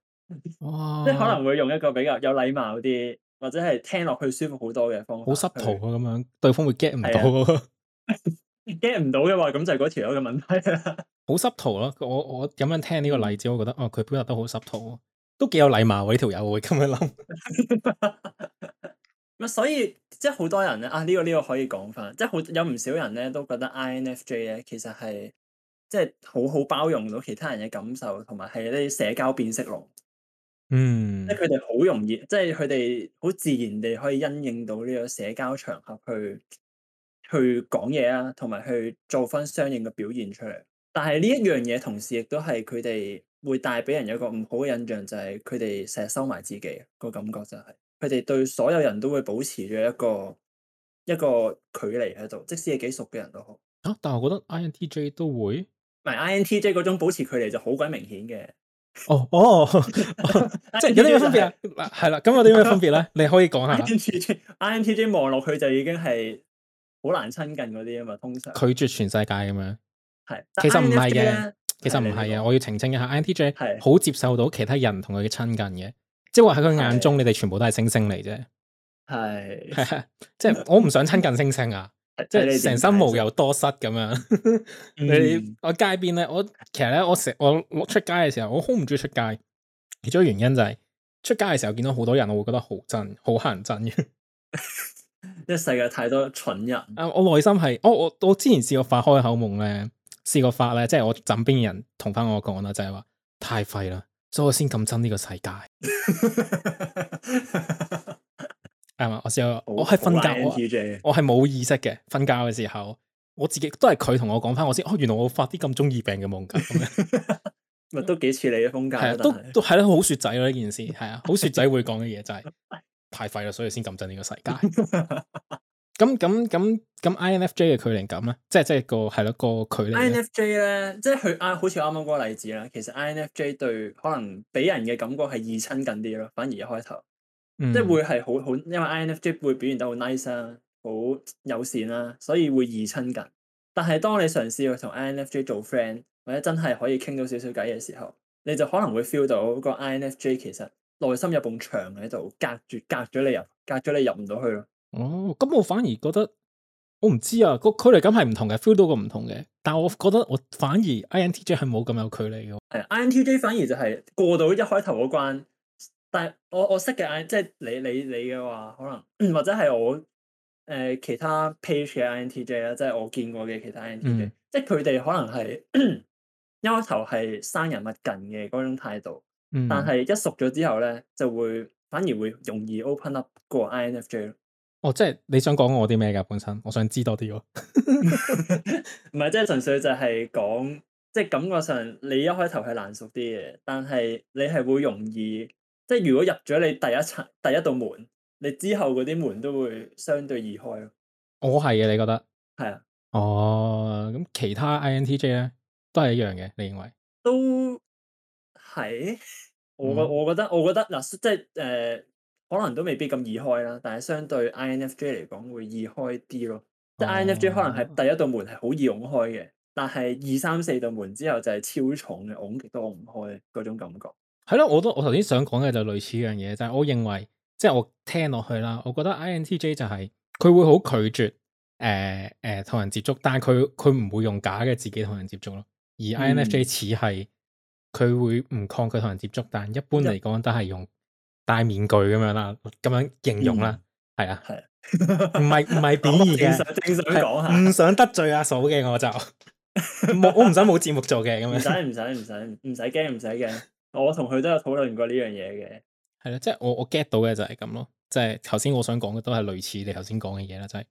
哇即係可能會用一個比較有禮貌啲。或者係聽落去舒服好多嘅方式，好濕套啊！咁是樣對方會 get 唔到，get 唔到嘅話，咁 *laughs* 就係嗰條友嘅問題。好濕套咯，我我咁樣聽呢個例子，我覺得哦，佢表達得好濕套，都幾有禮貌喎，呢條友會咁樣諗。咁所以即係好多人咧啊，呢個呢個可以講翻，即係好有唔少人咧都覺得 INFJ 咧，其實係即係好好包容到其他人嘅感受，同埋係啲社交變色龍。嗯，即係佢哋好容易，即係佢哋好自然地可以因應到呢個社交場合去去講嘢啊，同埋去做翻相應嘅表現出嚟。但係呢一樣嘢同時亦都係佢哋會帶俾人有一個唔好嘅印象，就係佢哋成日收埋自己嘅個感覺，就係，就係佢哋對所有人都會保持住一個一個距離喺度，即使係幾熟嘅人都好。啊，但係我覺得 INTJ 都會，係 INTJ 嗰種保持距離就好鬼明顯嘅。哦哦，即係有啲咩分別啊？係啦，咁有啲咩分別咧？你可以講下。I N T J 望落去就已經係好難親近嗰啲啊嘛，通常拒絕全世界咁樣。係、really，其實唔係嘅，其實唔係嘅，我要澄清一下。I N T J 係好接受到其他人同佢嘅親近嘅，即係話喺佢眼中，你哋全部都係星星嚟啫。係係，即係我唔想親近星星啊。即係成身毛又多濕咁樣、 *laughs* 嗯 *laughs* 你，你我街邊咧，我其實咧，我成我我出街嘅時候，我好唔中意出街。其中一個原因就係、是、出街嘅時候見到好多人，我會覺得好憎、好乞人憎嘅。即係世界太多蠢人。啊， *laughs* 我內心係，我我我之前試過發開口夢咧，試過發咧，即係我枕邊人同翻我講啦，就係、是、話太廢啦，所以我先咁憎呢個世界。 *laughs* 係嘛？我先好我係瞓覺，我係冇意識嘅。瞓覺嘅時候，我自己都係佢同我講翻，我先哦，原來我發啲咁中二病嘅夢噶。咪 *laughs* 都幾似你嘅風格，是都 *laughs* 都係咯，好雪仔咯呢件事，係啊，好雪仔會講嘅嘢就係太廢啦，所以先咁憎呢個世界。咁咁咁咁 INFJ 嘅距離感咧，即係即係個係咯個，個距離。INFJ 咧，即係佢，好似啱啱嗰個例子啦。其實 INFJ 對可能俾人嘅感覺係易親近啲咯，反而一開頭。即係、嗯、會係好好，因為 INFJ 會表現得好 nice 啦、啊，好友善啦、啊，所以會易親近。但係當你嘗試去同 INFJ 做 friend，或者真係可以傾到少少偈嘅時候，你就可能會 feel 到個 INFJ 其實內心有埲牆喺度隔住，隔咗你入，隔咗你入唔到去咯。哦，咁、嗯、我反而覺得，我唔知啊，個距離感係唔同嘅，feel 到個唔同嘅。但係我覺得我反而 INTJ 係冇咁有、有距離嘅。誒，INTJ 反而就係過到一開頭嗰關。但係我我識嘅 I 即係你你你嘅話可能或者係我誒、呃、其他 page 嘅 INTJ 啦，即係我見過嘅其他 INTJ，嗯、即係佢哋可能係 *coughs* 一開頭係生人勿近嘅嗰種態度，嗯、但係一熟咗之後咧就會反而會容易 open up 過 INFJ 咯。哦，即係你想講我啲咩噶？本身我想知多啲咯，唔係即係純粹就係講，即係感覺上你一開頭係難熟啲嘅，但係你係會容易。即係如果入咗你第一層第一道門，你之後嗰啲門都會相對易開咯。我係嘅，你覺得？係啊的。哦，咁其他 INTJ 咧都係一樣嘅，你認為？都係。我覺得、嗯、我覺得我覺得嗱，即係誒、呃，可能都未必咁易開啦，但係相對 INFJ 嚟講會易開啲咯。哦、即 INFJ 可能係第一道門係好易拱開嘅，但係二三四道門之後就係超重嘅拱極都拱唔開嗰種感覺。係咯，我都我頭先想講嘅就類似一樣嘢，就係、是、我認為，即係我聽落去啦，我覺得 INTJ 就係、是、佢會好拒絕，誒誒同人接觸，但係佢佢唔會用假嘅自己同人接觸咯，而 INFJ 似係佢會唔抗拒同人接觸，但一般嚟講都係用戴面具咁樣啦，咁樣形容啦，係、嗯、啊、係、啊、唔係唔係貶義嘅，係唔 *laughs* 想，想，想得罪阿嫂嘅， *laughs* 我就我唔使冇節目做嘅，咁樣，唔使唔使唔使唔使驚唔使驚。我同佢都有討論過呢樣嘢嘅，係咯，即係我我 get 到嘅就係咁咯，即係頭先我想講嘅都係類似你頭先講嘅嘢啦，就係、是、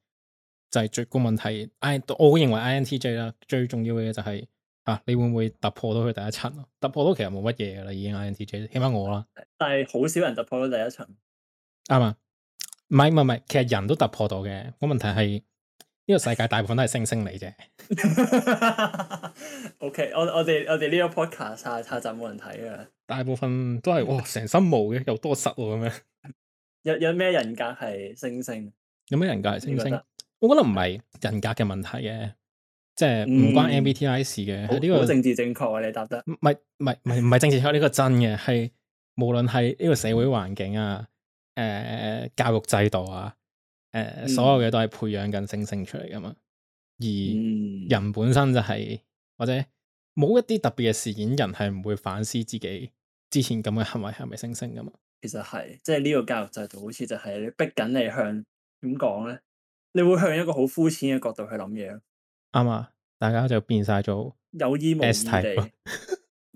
就係、是、最個問題 I，我認為 INTJ 啦，最重要嘅就係、是、啊，你會唔會突破到佢第一層咯？突破到其實冇乜嘢噶啦，已經 INTJ，起碼我啦，但係好少人突破到第一層，啱啊，唔係唔係，其實人都突破到嘅，個問題係。呢個世界大部分都係猩猩嚟嘅。 *laughs* ，okay。O K，我我哋我哋呢個 podcast 下下集冇人睇嘅。大部分都係哇，成身毛嘅，又多實喎咁樣。有有咩人格係猩猩？有咩人格係猩猩？覺我覺得唔係人格嘅問題嘅，即係唔關 M B T I 事嘅。呢、嗯這個好好政治、啊、政治正確，你答得唔係唔係唔係政治正確呢個真嘅，係無論係呢個社會環境啊，誒、呃，教育制度啊。誒，所有嘢都係培養緊星星出嚟噶嘛？而人本身就係或者冇一啲特別嘅事件，人係唔會反思自己之前咁嘅行為係咪星星噶嘛？其實係，即係呢個教育制度好似就係逼緊你向點講咧？你會向一個好膚淺嘅角度去諗嘢，啱啊，大家就變晒咗，有意無意地。咪嗱嗱嗱嗱嗱嗱嗱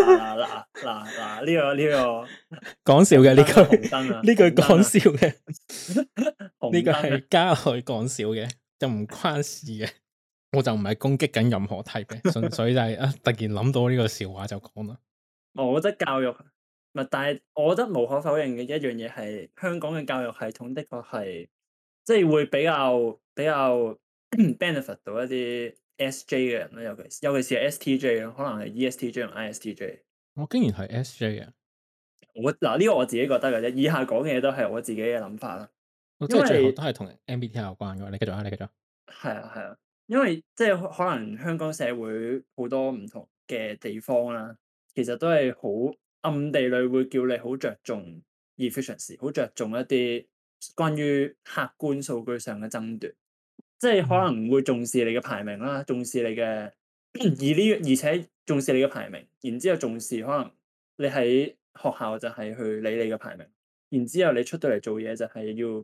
嗱嗱嗱嗱呢個呢、呢個講笑嘅呢句紅燈啊，呢句講笑嘅呢、啊 *laughs* 啊、個係加佢講笑嘅，就唔關事嘅，我就唔係攻擊緊任何 topic，純粹就係啊突然諗到呢個笑話就講啦。我覺得教育咪，但係我覺得無可否認嘅一樣嘢係香港嘅教育系統的確係，即係會比較比較 benefit 到一啲。S, S J 嘅人咧，尤其尤其是 S T J 咯，可能係 E S T J 同 I S T J。我、哦、竟然係 S J 啊！我嗱呢個我自己覺得嘅啫，以下講嘅嘢都係我自己嘅諗法啦。為哦、即係最後都係同 M B T I 有關嘅，啊，你繼續啊，你繼續。係啊係啊，因為即係可能香港社會好多唔同嘅地方啦，其實都係好暗地裏會叫你好着重 efficiency，好着重一啲關於客觀數據上嘅爭奪。即係可能唔會重視你嘅排名啦，重視你嘅而呢，而且重視你嘅排名，然之後重視可能你喺學校就係去理你嘅排名，然之後你出到嚟做嘢就係要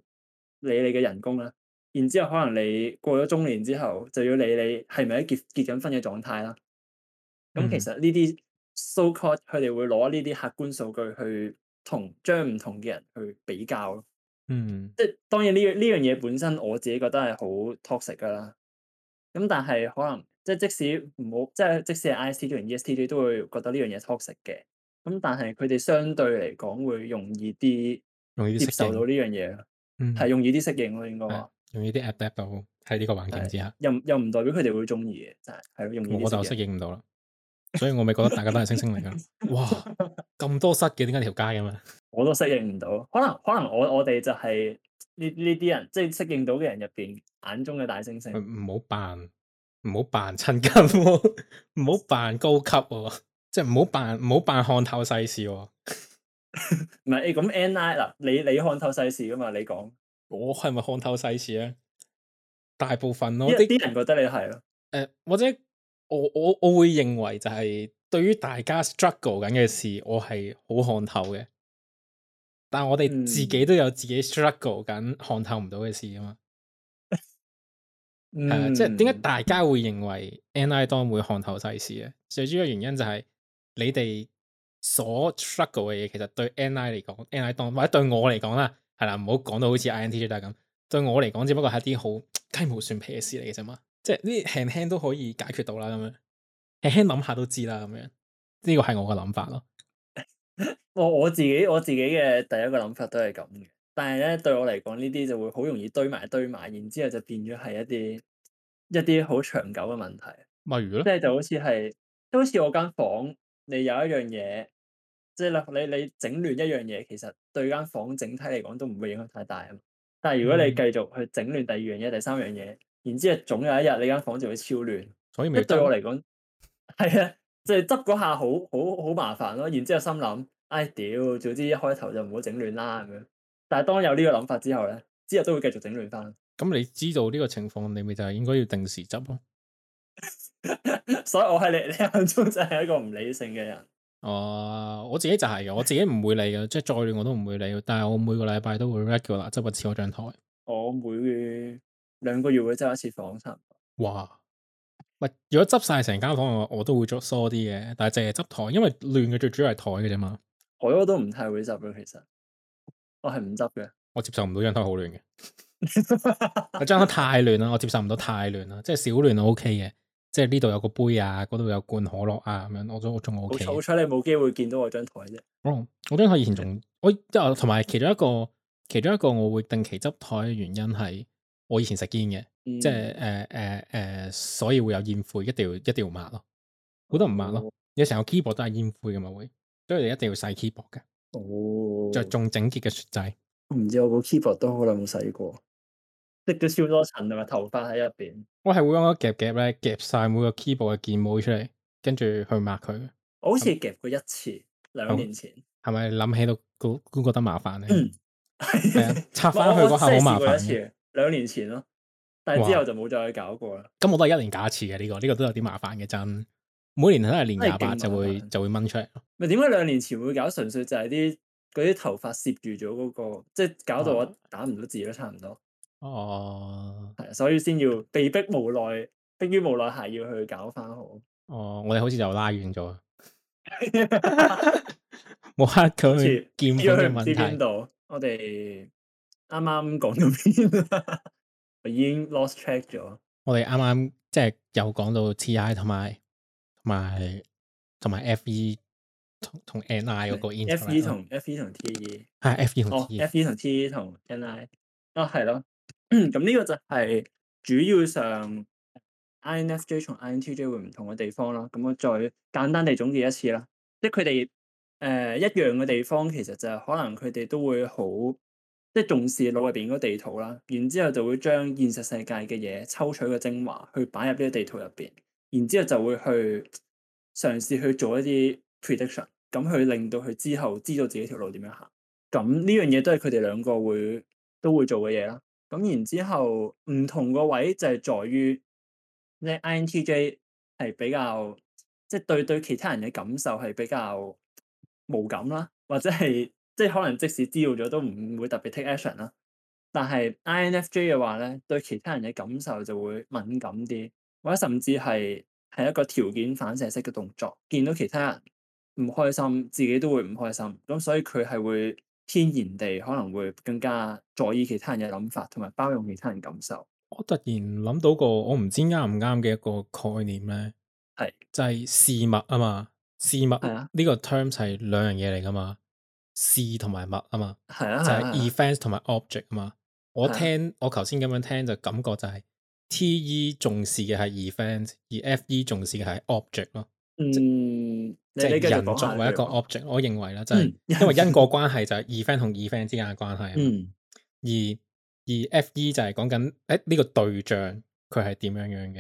理你嘅人工啦，然之後可能你過咗中年之後就要理你係咪喺結結緊婚嘅狀態啦。咁其實呢啲 so-called 佢哋會攞呢啲客觀數據去同將唔同嘅人去比較咯。嗯，即係當然呢，呢樣嘢本身我自己覺得係好 toxic 噶啦，咁、嗯、但係可能即係即使唔好即係即使 ISTJ 同 ESTJ 都會覺得呢樣嘢 toxic 嘅，咁、嗯、但係佢哋相對嚟講會容易啲容易啲接受到呢樣嘢咯，係容易啲適應咯，應該、嗯、容易啲 adapt 到喺呢個環境之下，又又唔代表佢哋會中意嘅，就係係容易啲適應，我就適應唔到啦，所以我咪覺得大家都係星星嚟噶。 *laughs* 哇，咁多室嘅，點解條街咁啊？我都適應唔到，可能可能我我哋就係呢呢啲人，即係適應到嘅人入邊眼中嘅大猩猩。唔好扮唔好扮親家，唔好扮高級，即係唔好扮唔好扮看透世事。唔係誒咁，N I 嗱，你你看透世事噶嘛？你講我係咪看透世事咧？大部分咯，啲為的人覺得你係咯。誒、呃，或者我我我，我會認為就係對於大家 struggle 緊嘅事，我係好看透嘅。但係我哋自己都有自己 struggle 緊看透唔到嘅事啊嘛，係啊，即係點解大家會認為 N I 當會看透細事咧？最主要嘅原因就係、是、你哋所 struggle 嘅嘢，其實對 N I 嚟講，N I 當或者對我嚟講啦，係啦，唔好講到好似 I N T J 啦咁。對我嚟講，只不過係一啲好雞毛蒜皮嘅事嚟嘅啫嘛，即係呢啲輕輕都可以解決到啦，咁樣輕輕諗下都知啦，咁樣呢個係我嘅諗法咯。我我自己我自己嘅第一個諗法都係咁嘅，但係咧，對我嚟講呢啲就會好容易堆埋堆埋，然之後就變咗係一啲一啲好長久嘅問題。例如咧，即係就好似係，好似我間房，你有一樣嘢，即係你你你整亂一樣嘢，其實對間房整體嚟講都唔會影響太大啊。但係如果你繼續去整亂第二樣嘢、第三樣嘢，然之後總有一日你間房就會超亂。所以即對我嚟講，係啊。即係執嗰下好好好麻煩咯，啊，然之後心諗，唉、哎、屌，早知一開頭就唔好整亂啦咁樣。但係當有呢個諗法之後咧，之後都會繼續整亂返。咁、嗯、你知道呢個情況，你咪就係應該要定時執咯，啊。 *laughs* 所以我喺你你眼中就係一個唔理性嘅人。哦、呃，我自己就係、是、嘅，我自己唔會理嘅， *laughs* 即係再亂我都唔會理。但係我每個禮拜都會 regular 啦，執一次我張台。我每兩個月會執一次房差。哇！喂，如果執晒成間房嘅話我我都會做疏啲嘅，但係淨係執台，因為亂嘅最主要係台嘅啫嘛。台我都唔太會執咯，其實我係唔執嘅。我接受唔到張台好亂嘅，張台太亂啦，我接受唔到太亂啦。即係小亂 O K 嘅，即係呢度有個杯啊，嗰度有罐可樂啊，咁樣我都仲 O K。好彩你冇機會見到我張台啫。嗯，oh，我張台以前仲 *laughs* 我即係同埋其中一個其中一個我會定期執台嘅原因係我以前食煙嘅。嗯、即係誒誒誒，所以會有煙灰，一定要一定要抹咯，好多唔抹咯，哦、有成個 keyboard 都係煙灰噶嘛會，所以你一定要洗 keyboard 嘅。哦，就仲整潔嘅雪仔。唔知我個 keyboard 都好耐冇洗過，積咗超多塵同埋頭髮喺入邊。我係會用個夾夾咧夾晒每個 keyboard 嘅鍵帽出嚟，跟住去抹佢。我好似夾過一次，兩年前。係咪諗起到都都覺得麻煩咧？係啊，拆翻去嗰下好麻煩。兩年前咯。但係之後就冇再搞過啦。咁我都係一年搞一次嘅呢個，呢個都有啲麻煩嘅真。每年都係年廿八就會就會掹出嚟。咪點解兩年前會搞？純粹就係啲嗰啲頭髮攝住咗嗰個，即係搞到我打唔到字咯，差唔多。哦，係，所以先要被逼無奈，迫於無奈係要去搞翻好。哦，我哋好似就拉遠咗，冇黑佢劍鋒之邊度。我哋啱啱講到邊？已經 lost track 咗。我哋啱啱即係有講到 T I 同埋同埋同埋 F E 同同 N I 嗰個 in FE。F E 同 F E 同 T E 係 F E 同哦，F E 同 T 同 N I 哦，係咯、啊。咁呢、oh, 啊、 *coughs* 個就係主要上 I N F J 同 I N T J 會唔同嘅地方咯。咁我再簡單地總結一次啦，即係佢哋誒一樣嘅地方，其實就係可能佢哋都會好。即係重視腦入邊嗰個地圖啦，然之後就會將現實世界嘅嘢抽取個精華，去擺入呢個地圖入邊，然之後就會去嘗試去做一啲 prediction，咁去令到佢之後知道自己條路點樣行。咁呢樣嘢都係佢哋兩個會都會做嘅嘢啦。咁然之後唔同個位就係在於，你 INTJ 係比較即係對對其他人嘅感受係比較無感啦，或者係。即係可能即使知道咗都唔會特別 take action 啦，但係 INFJ 嘅話咧，對其他人嘅感受就會敏感啲，或者甚至係係一個條件反射式嘅動作，見到其他人唔開心，自己都會唔開心，咁所以佢係會天然地可能會更加在意其他人嘅諗法，同埋包容其他人感受。我突然諗到個我唔知啱唔啱嘅一個概念咧，係是就係事物啊嘛，事物呢的個 term 係兩樣嘢嚟噶嘛。事同埋物啊嘛，就係 event 同埋 object 啊嘛。我聽、啊、我頭先咁樣聽就感覺就係 T.E 重視嘅係 event，而 F.E 重視嘅係 object 咯。嗯，即係你人作為一個 object，一我認為咧就係、是嗯、因為因果關係就係 event 同 event 之間嘅關係。嗯，而而 F.E 就係講緊誒呢個對象佢係點樣樣嘅？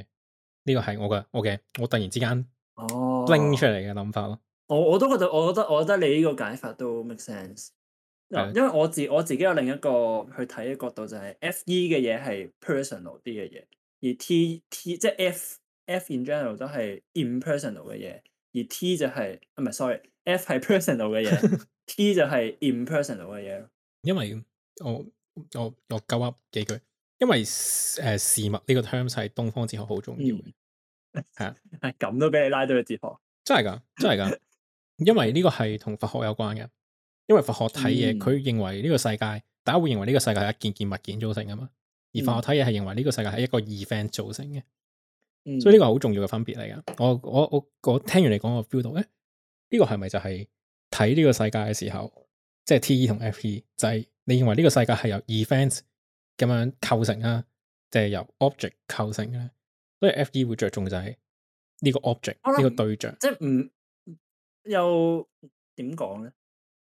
呢、這個係我嘅。O.K. 我突然之間拎噢出嚟嘅諗法咯。我我都覺得，我覺得，我覺得你呢個解法都 make sense。嗱，因為我自我自己有另一個去睇嘅角度，就是，就係 Fe 嘅嘢係 personal 啲嘅嘢，而 T T 即係 F F in general 都係 impersonal 嘅嘢，而 T 就係、是、唔係、啊、sorry，F 係 personal 嘅嘢 *laughs* ，T 就係 impersonal 嘅嘢。因為我我我鳩噏幾句，因為誒、呃、事物呢、這個 term 係東方哲學好重要嘅，係、嗯、 *laughs* 啊，咁 *laughs* 都俾你拉到去哲學，真係㗎，真係㗎。因為呢個係同佛學有關嘅，因為佛學睇嘢，佢、嗯、認為呢個世界，大家會認為呢個世界係一件件物件組成噶嘛，而佛學睇嘢係認為呢個世界係一個 event 組成嘅，嗯、所以呢個好重要嘅分別嚟噶。我我我，我聽完你講我 feel 到咧，呢、哎這個係咪就係睇呢個世界嘅時候，即係 T E 同 F E，就係你認為呢個世界係由 event 咁樣構成啦，即係由 object 構成嘅咧，所以 F E 會着重就係呢個 object 呢個對象，即係唔。就是嗯又點講咧？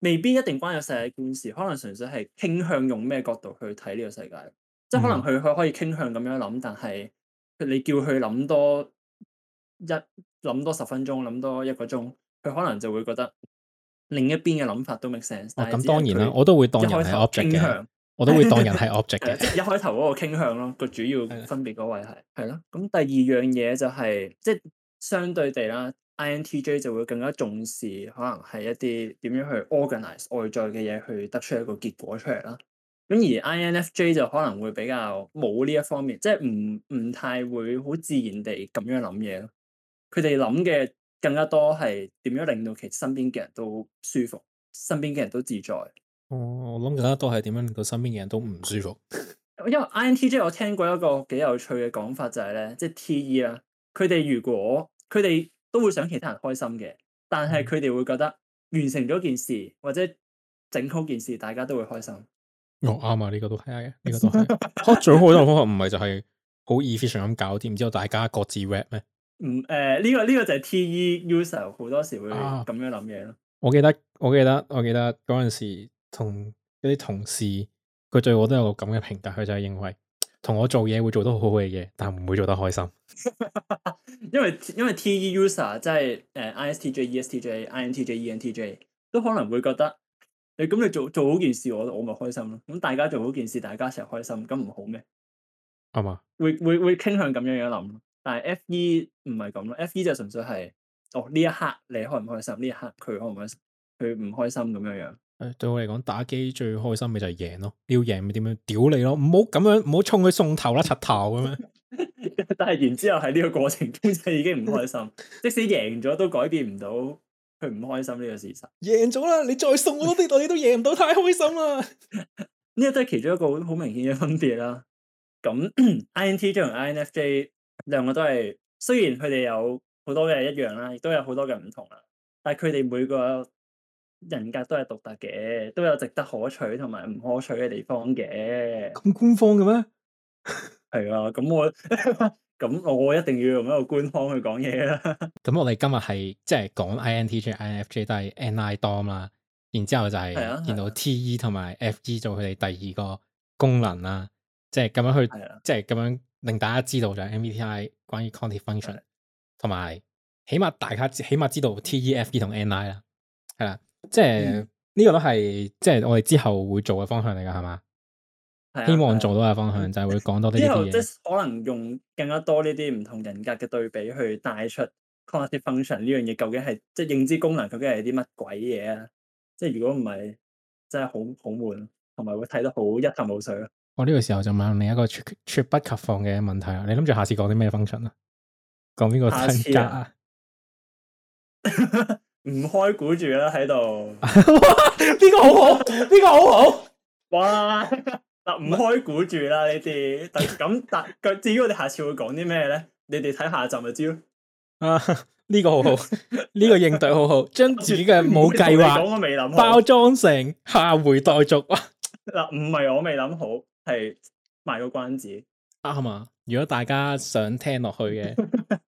未必一定關有世界觀件事，可能純粹係傾向用咩角度去睇呢個世界，嗯、即係可能佢可可以傾向咁樣諗，但係你叫佢諗多一諗多十分鐘，諗多一個鐘，佢可能就會覺得另一邊嘅諗法都 make sense。但係是哦，咁當然啦，我都會當人係 object 嘅，我都會當人係 object 嘅。 *laughs* *laughs* 一開頭嗰個傾向咯，個主要分別嗰位係係咯。咁的第二樣嘢就係、係、即係相對地啦。I N T J 就會更加重視，可能係一啲點樣去 organize 外在嘅嘢，去得出一個結果出嚟啦。咁而 I N F J 就可能會比較冇呢一方面，即係唔唔太會好自然地咁樣諗嘢咯。佢哋諗嘅更加多係點樣令到其實身邊嘅人都舒服，身邊嘅人都自在。哦，我諗其他都係點樣令到身邊嘅人都唔舒服。 *laughs* 因為 I N T J 我聽過一個幾有趣嘅講法就係咧，即係 T E 啊，佢哋如果佢哋，都會想其他人開心嘅，但係佢哋會覺得完成咗件事或者整好件事，大家都會開心。我啱、哦、啊，呢、這個都係嘅，呢、這個都係。做好多方法唔係就係好 efficient 咁搞掂，之後大家各自 rap 咩？唔誒、嗯，呢、呃這個呢、這個就係 T E user 好多時會咁樣諗嘢咯。我記得，我記得，我記得嗰陣時同一啲同事，佢對我都有個咁嘅評價，佢就係認為。同我做嘢會做得好好嘅嘢，但係唔會做得開心。 *laughs* 因為因為 T E user 即係誒、呃、I S T J E S T J I N T J E N T J 都可能會覺得你咁你做做好件事，我我咪開心咯。咁大家做好件事，大家成日開心，咁唔好咩？係嘛吧？會會會傾向咁樣樣諗。但係 F E 唔係咁咯。F E 就純粹係哦，呢一刻你開唔開心？呢一刻佢開唔開心？佢唔開心咁樣樣。誒，對我嚟講，打機最開心咪就係贏咯，要贏咪點樣屌你咯，唔好咁樣，唔好衝佢送頭啦，柒頭咁樣。 *laughs* 但係然之後喺呢個過程之中已經唔開心， *laughs* 即使贏咗都改變唔到佢唔開心呢個事實。贏咗啦，你再送我多啲，到 *laughs* 你都贏唔到，太開心啦。呢個都係其中一個好好明顯嘅分別啦。咁 INTJ 同 INFJ 兩個都係，雖然佢哋有好多嘅一樣啦，亦都有好多嘅唔同啦，但係佢哋每個人格都係獨特嘅，都有值得可取同埋唔可取嘅地方嘅。咁官方嘅咩？係 *laughs* 啊，咁我咁 *laughs* 我一定要用一個官方去、就是、講嘢啦。咁我哋今日係即係講 INTJ、INFJ 都係 NI Dom 啦，然之後就係見到 TE 同埋 FE 做佢哋第二個功能啦，即係咁樣去，即係咁樣令大家知道就係 MBTI 關於 cognitive function，同埋、啊、起碼大家起碼知道 TE NI,、啊、FE 同 NI 啦，係啦。即係呢、嗯、個都係即係我哋之後會做嘅方向嚟噶，係嘛？啊、希望做到嘅方向、啊、就係會講多啲呢啲嘢。之後即係可能用更加多呢啲唔同人格嘅對比去帶出 cognitive function 呢樣嘢，究竟係即係認知功能究竟係啲乜鬼嘢啊？即係如果唔係，真係好好悶，同埋會睇得好一頭霧水咯。我呢、哦這個時候就問另一個猝猝不及防嘅問題啊！你諗住下次講啲咩 function 啊？講邊個啊？唔開估住啦，喺度。呢 *laughs* 這個好好，呢 *laughs* 個好好。這個、好 *laughs* 哇，嗱，唔開估住啦你哋。咁但，但，至於我哋下次會講啲咩咧？你哋睇下集咪知咯。啊，呢、這個好好，呢、這個應對好好。 *laughs* 將自己嘅冇計劃，我未諗包裝成下回待續。嗱，唔係我未諗好，係賣個關子。啱啊！如果大家想聽落去嘅。 *laughs*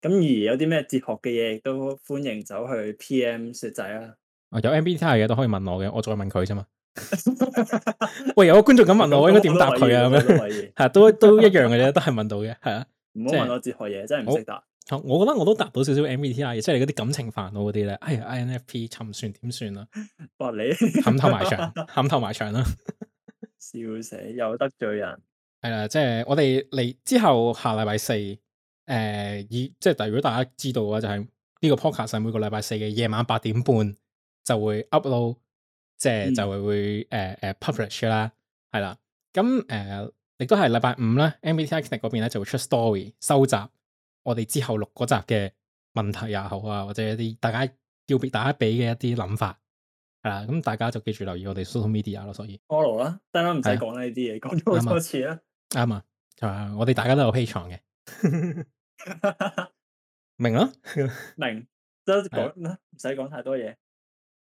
咁而有啲咩哲學嘅嘢，亦都歡迎走去 PM 雪仔啦。啊，有 MBTI 嘅都可以問我嘅，我再問佢啫嘛。 *laughs* 喂，有個觀眾咁問我， *laughs* 我我應該點答佢啊？係 *laughs* 許 *laughs* 都都一樣嘅啫，都係問到嘅。係啊，唔好問我哲學嘢，真係唔識答。好，我覺得我都答到少少 MBTI，即係嗰啲感情煩惱嗰啲咧。哎，INFP 沉船點算啊？話你冚 *laughs* 頭埋牆，冚頭埋牆啦！笑，， *laughs* 笑死，又得罪人。係啦、 *laughs* 啊，即係我哋嚟之後下禮拜四。誒、呃，以即係，但如果大家知道嘅話，就係、是、呢個 podcast 每個禮拜四嘅夜晚八點半就會 upload，即係就會誒誒 publish 啦，係啦、嗯。咁誒、呃呃、亦都係禮拜五啦。MBTI 嗰邊咧，就會出 story 收集我哋之後六嗰集嘅問題也好啊，或者一啲大家叫別大家俾嘅一啲諗法，係啦。咁、嗯、大家就記住留意我哋 social media 咯。所以 follow 啦，得啦，唔使講呢啲嘢，講咗好多次啦。啱啊，就係我哋大家都有披床嘅。 *laughs* 明啦，明，都講啦，唔使講太多嘢，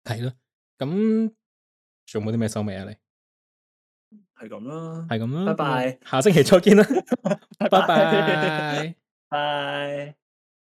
係咯。咁仲有冇啲咩收尾啊？你係咁啦，係咁啦，拜拜，下星期再見啦， *laughs* 拜拜，拜。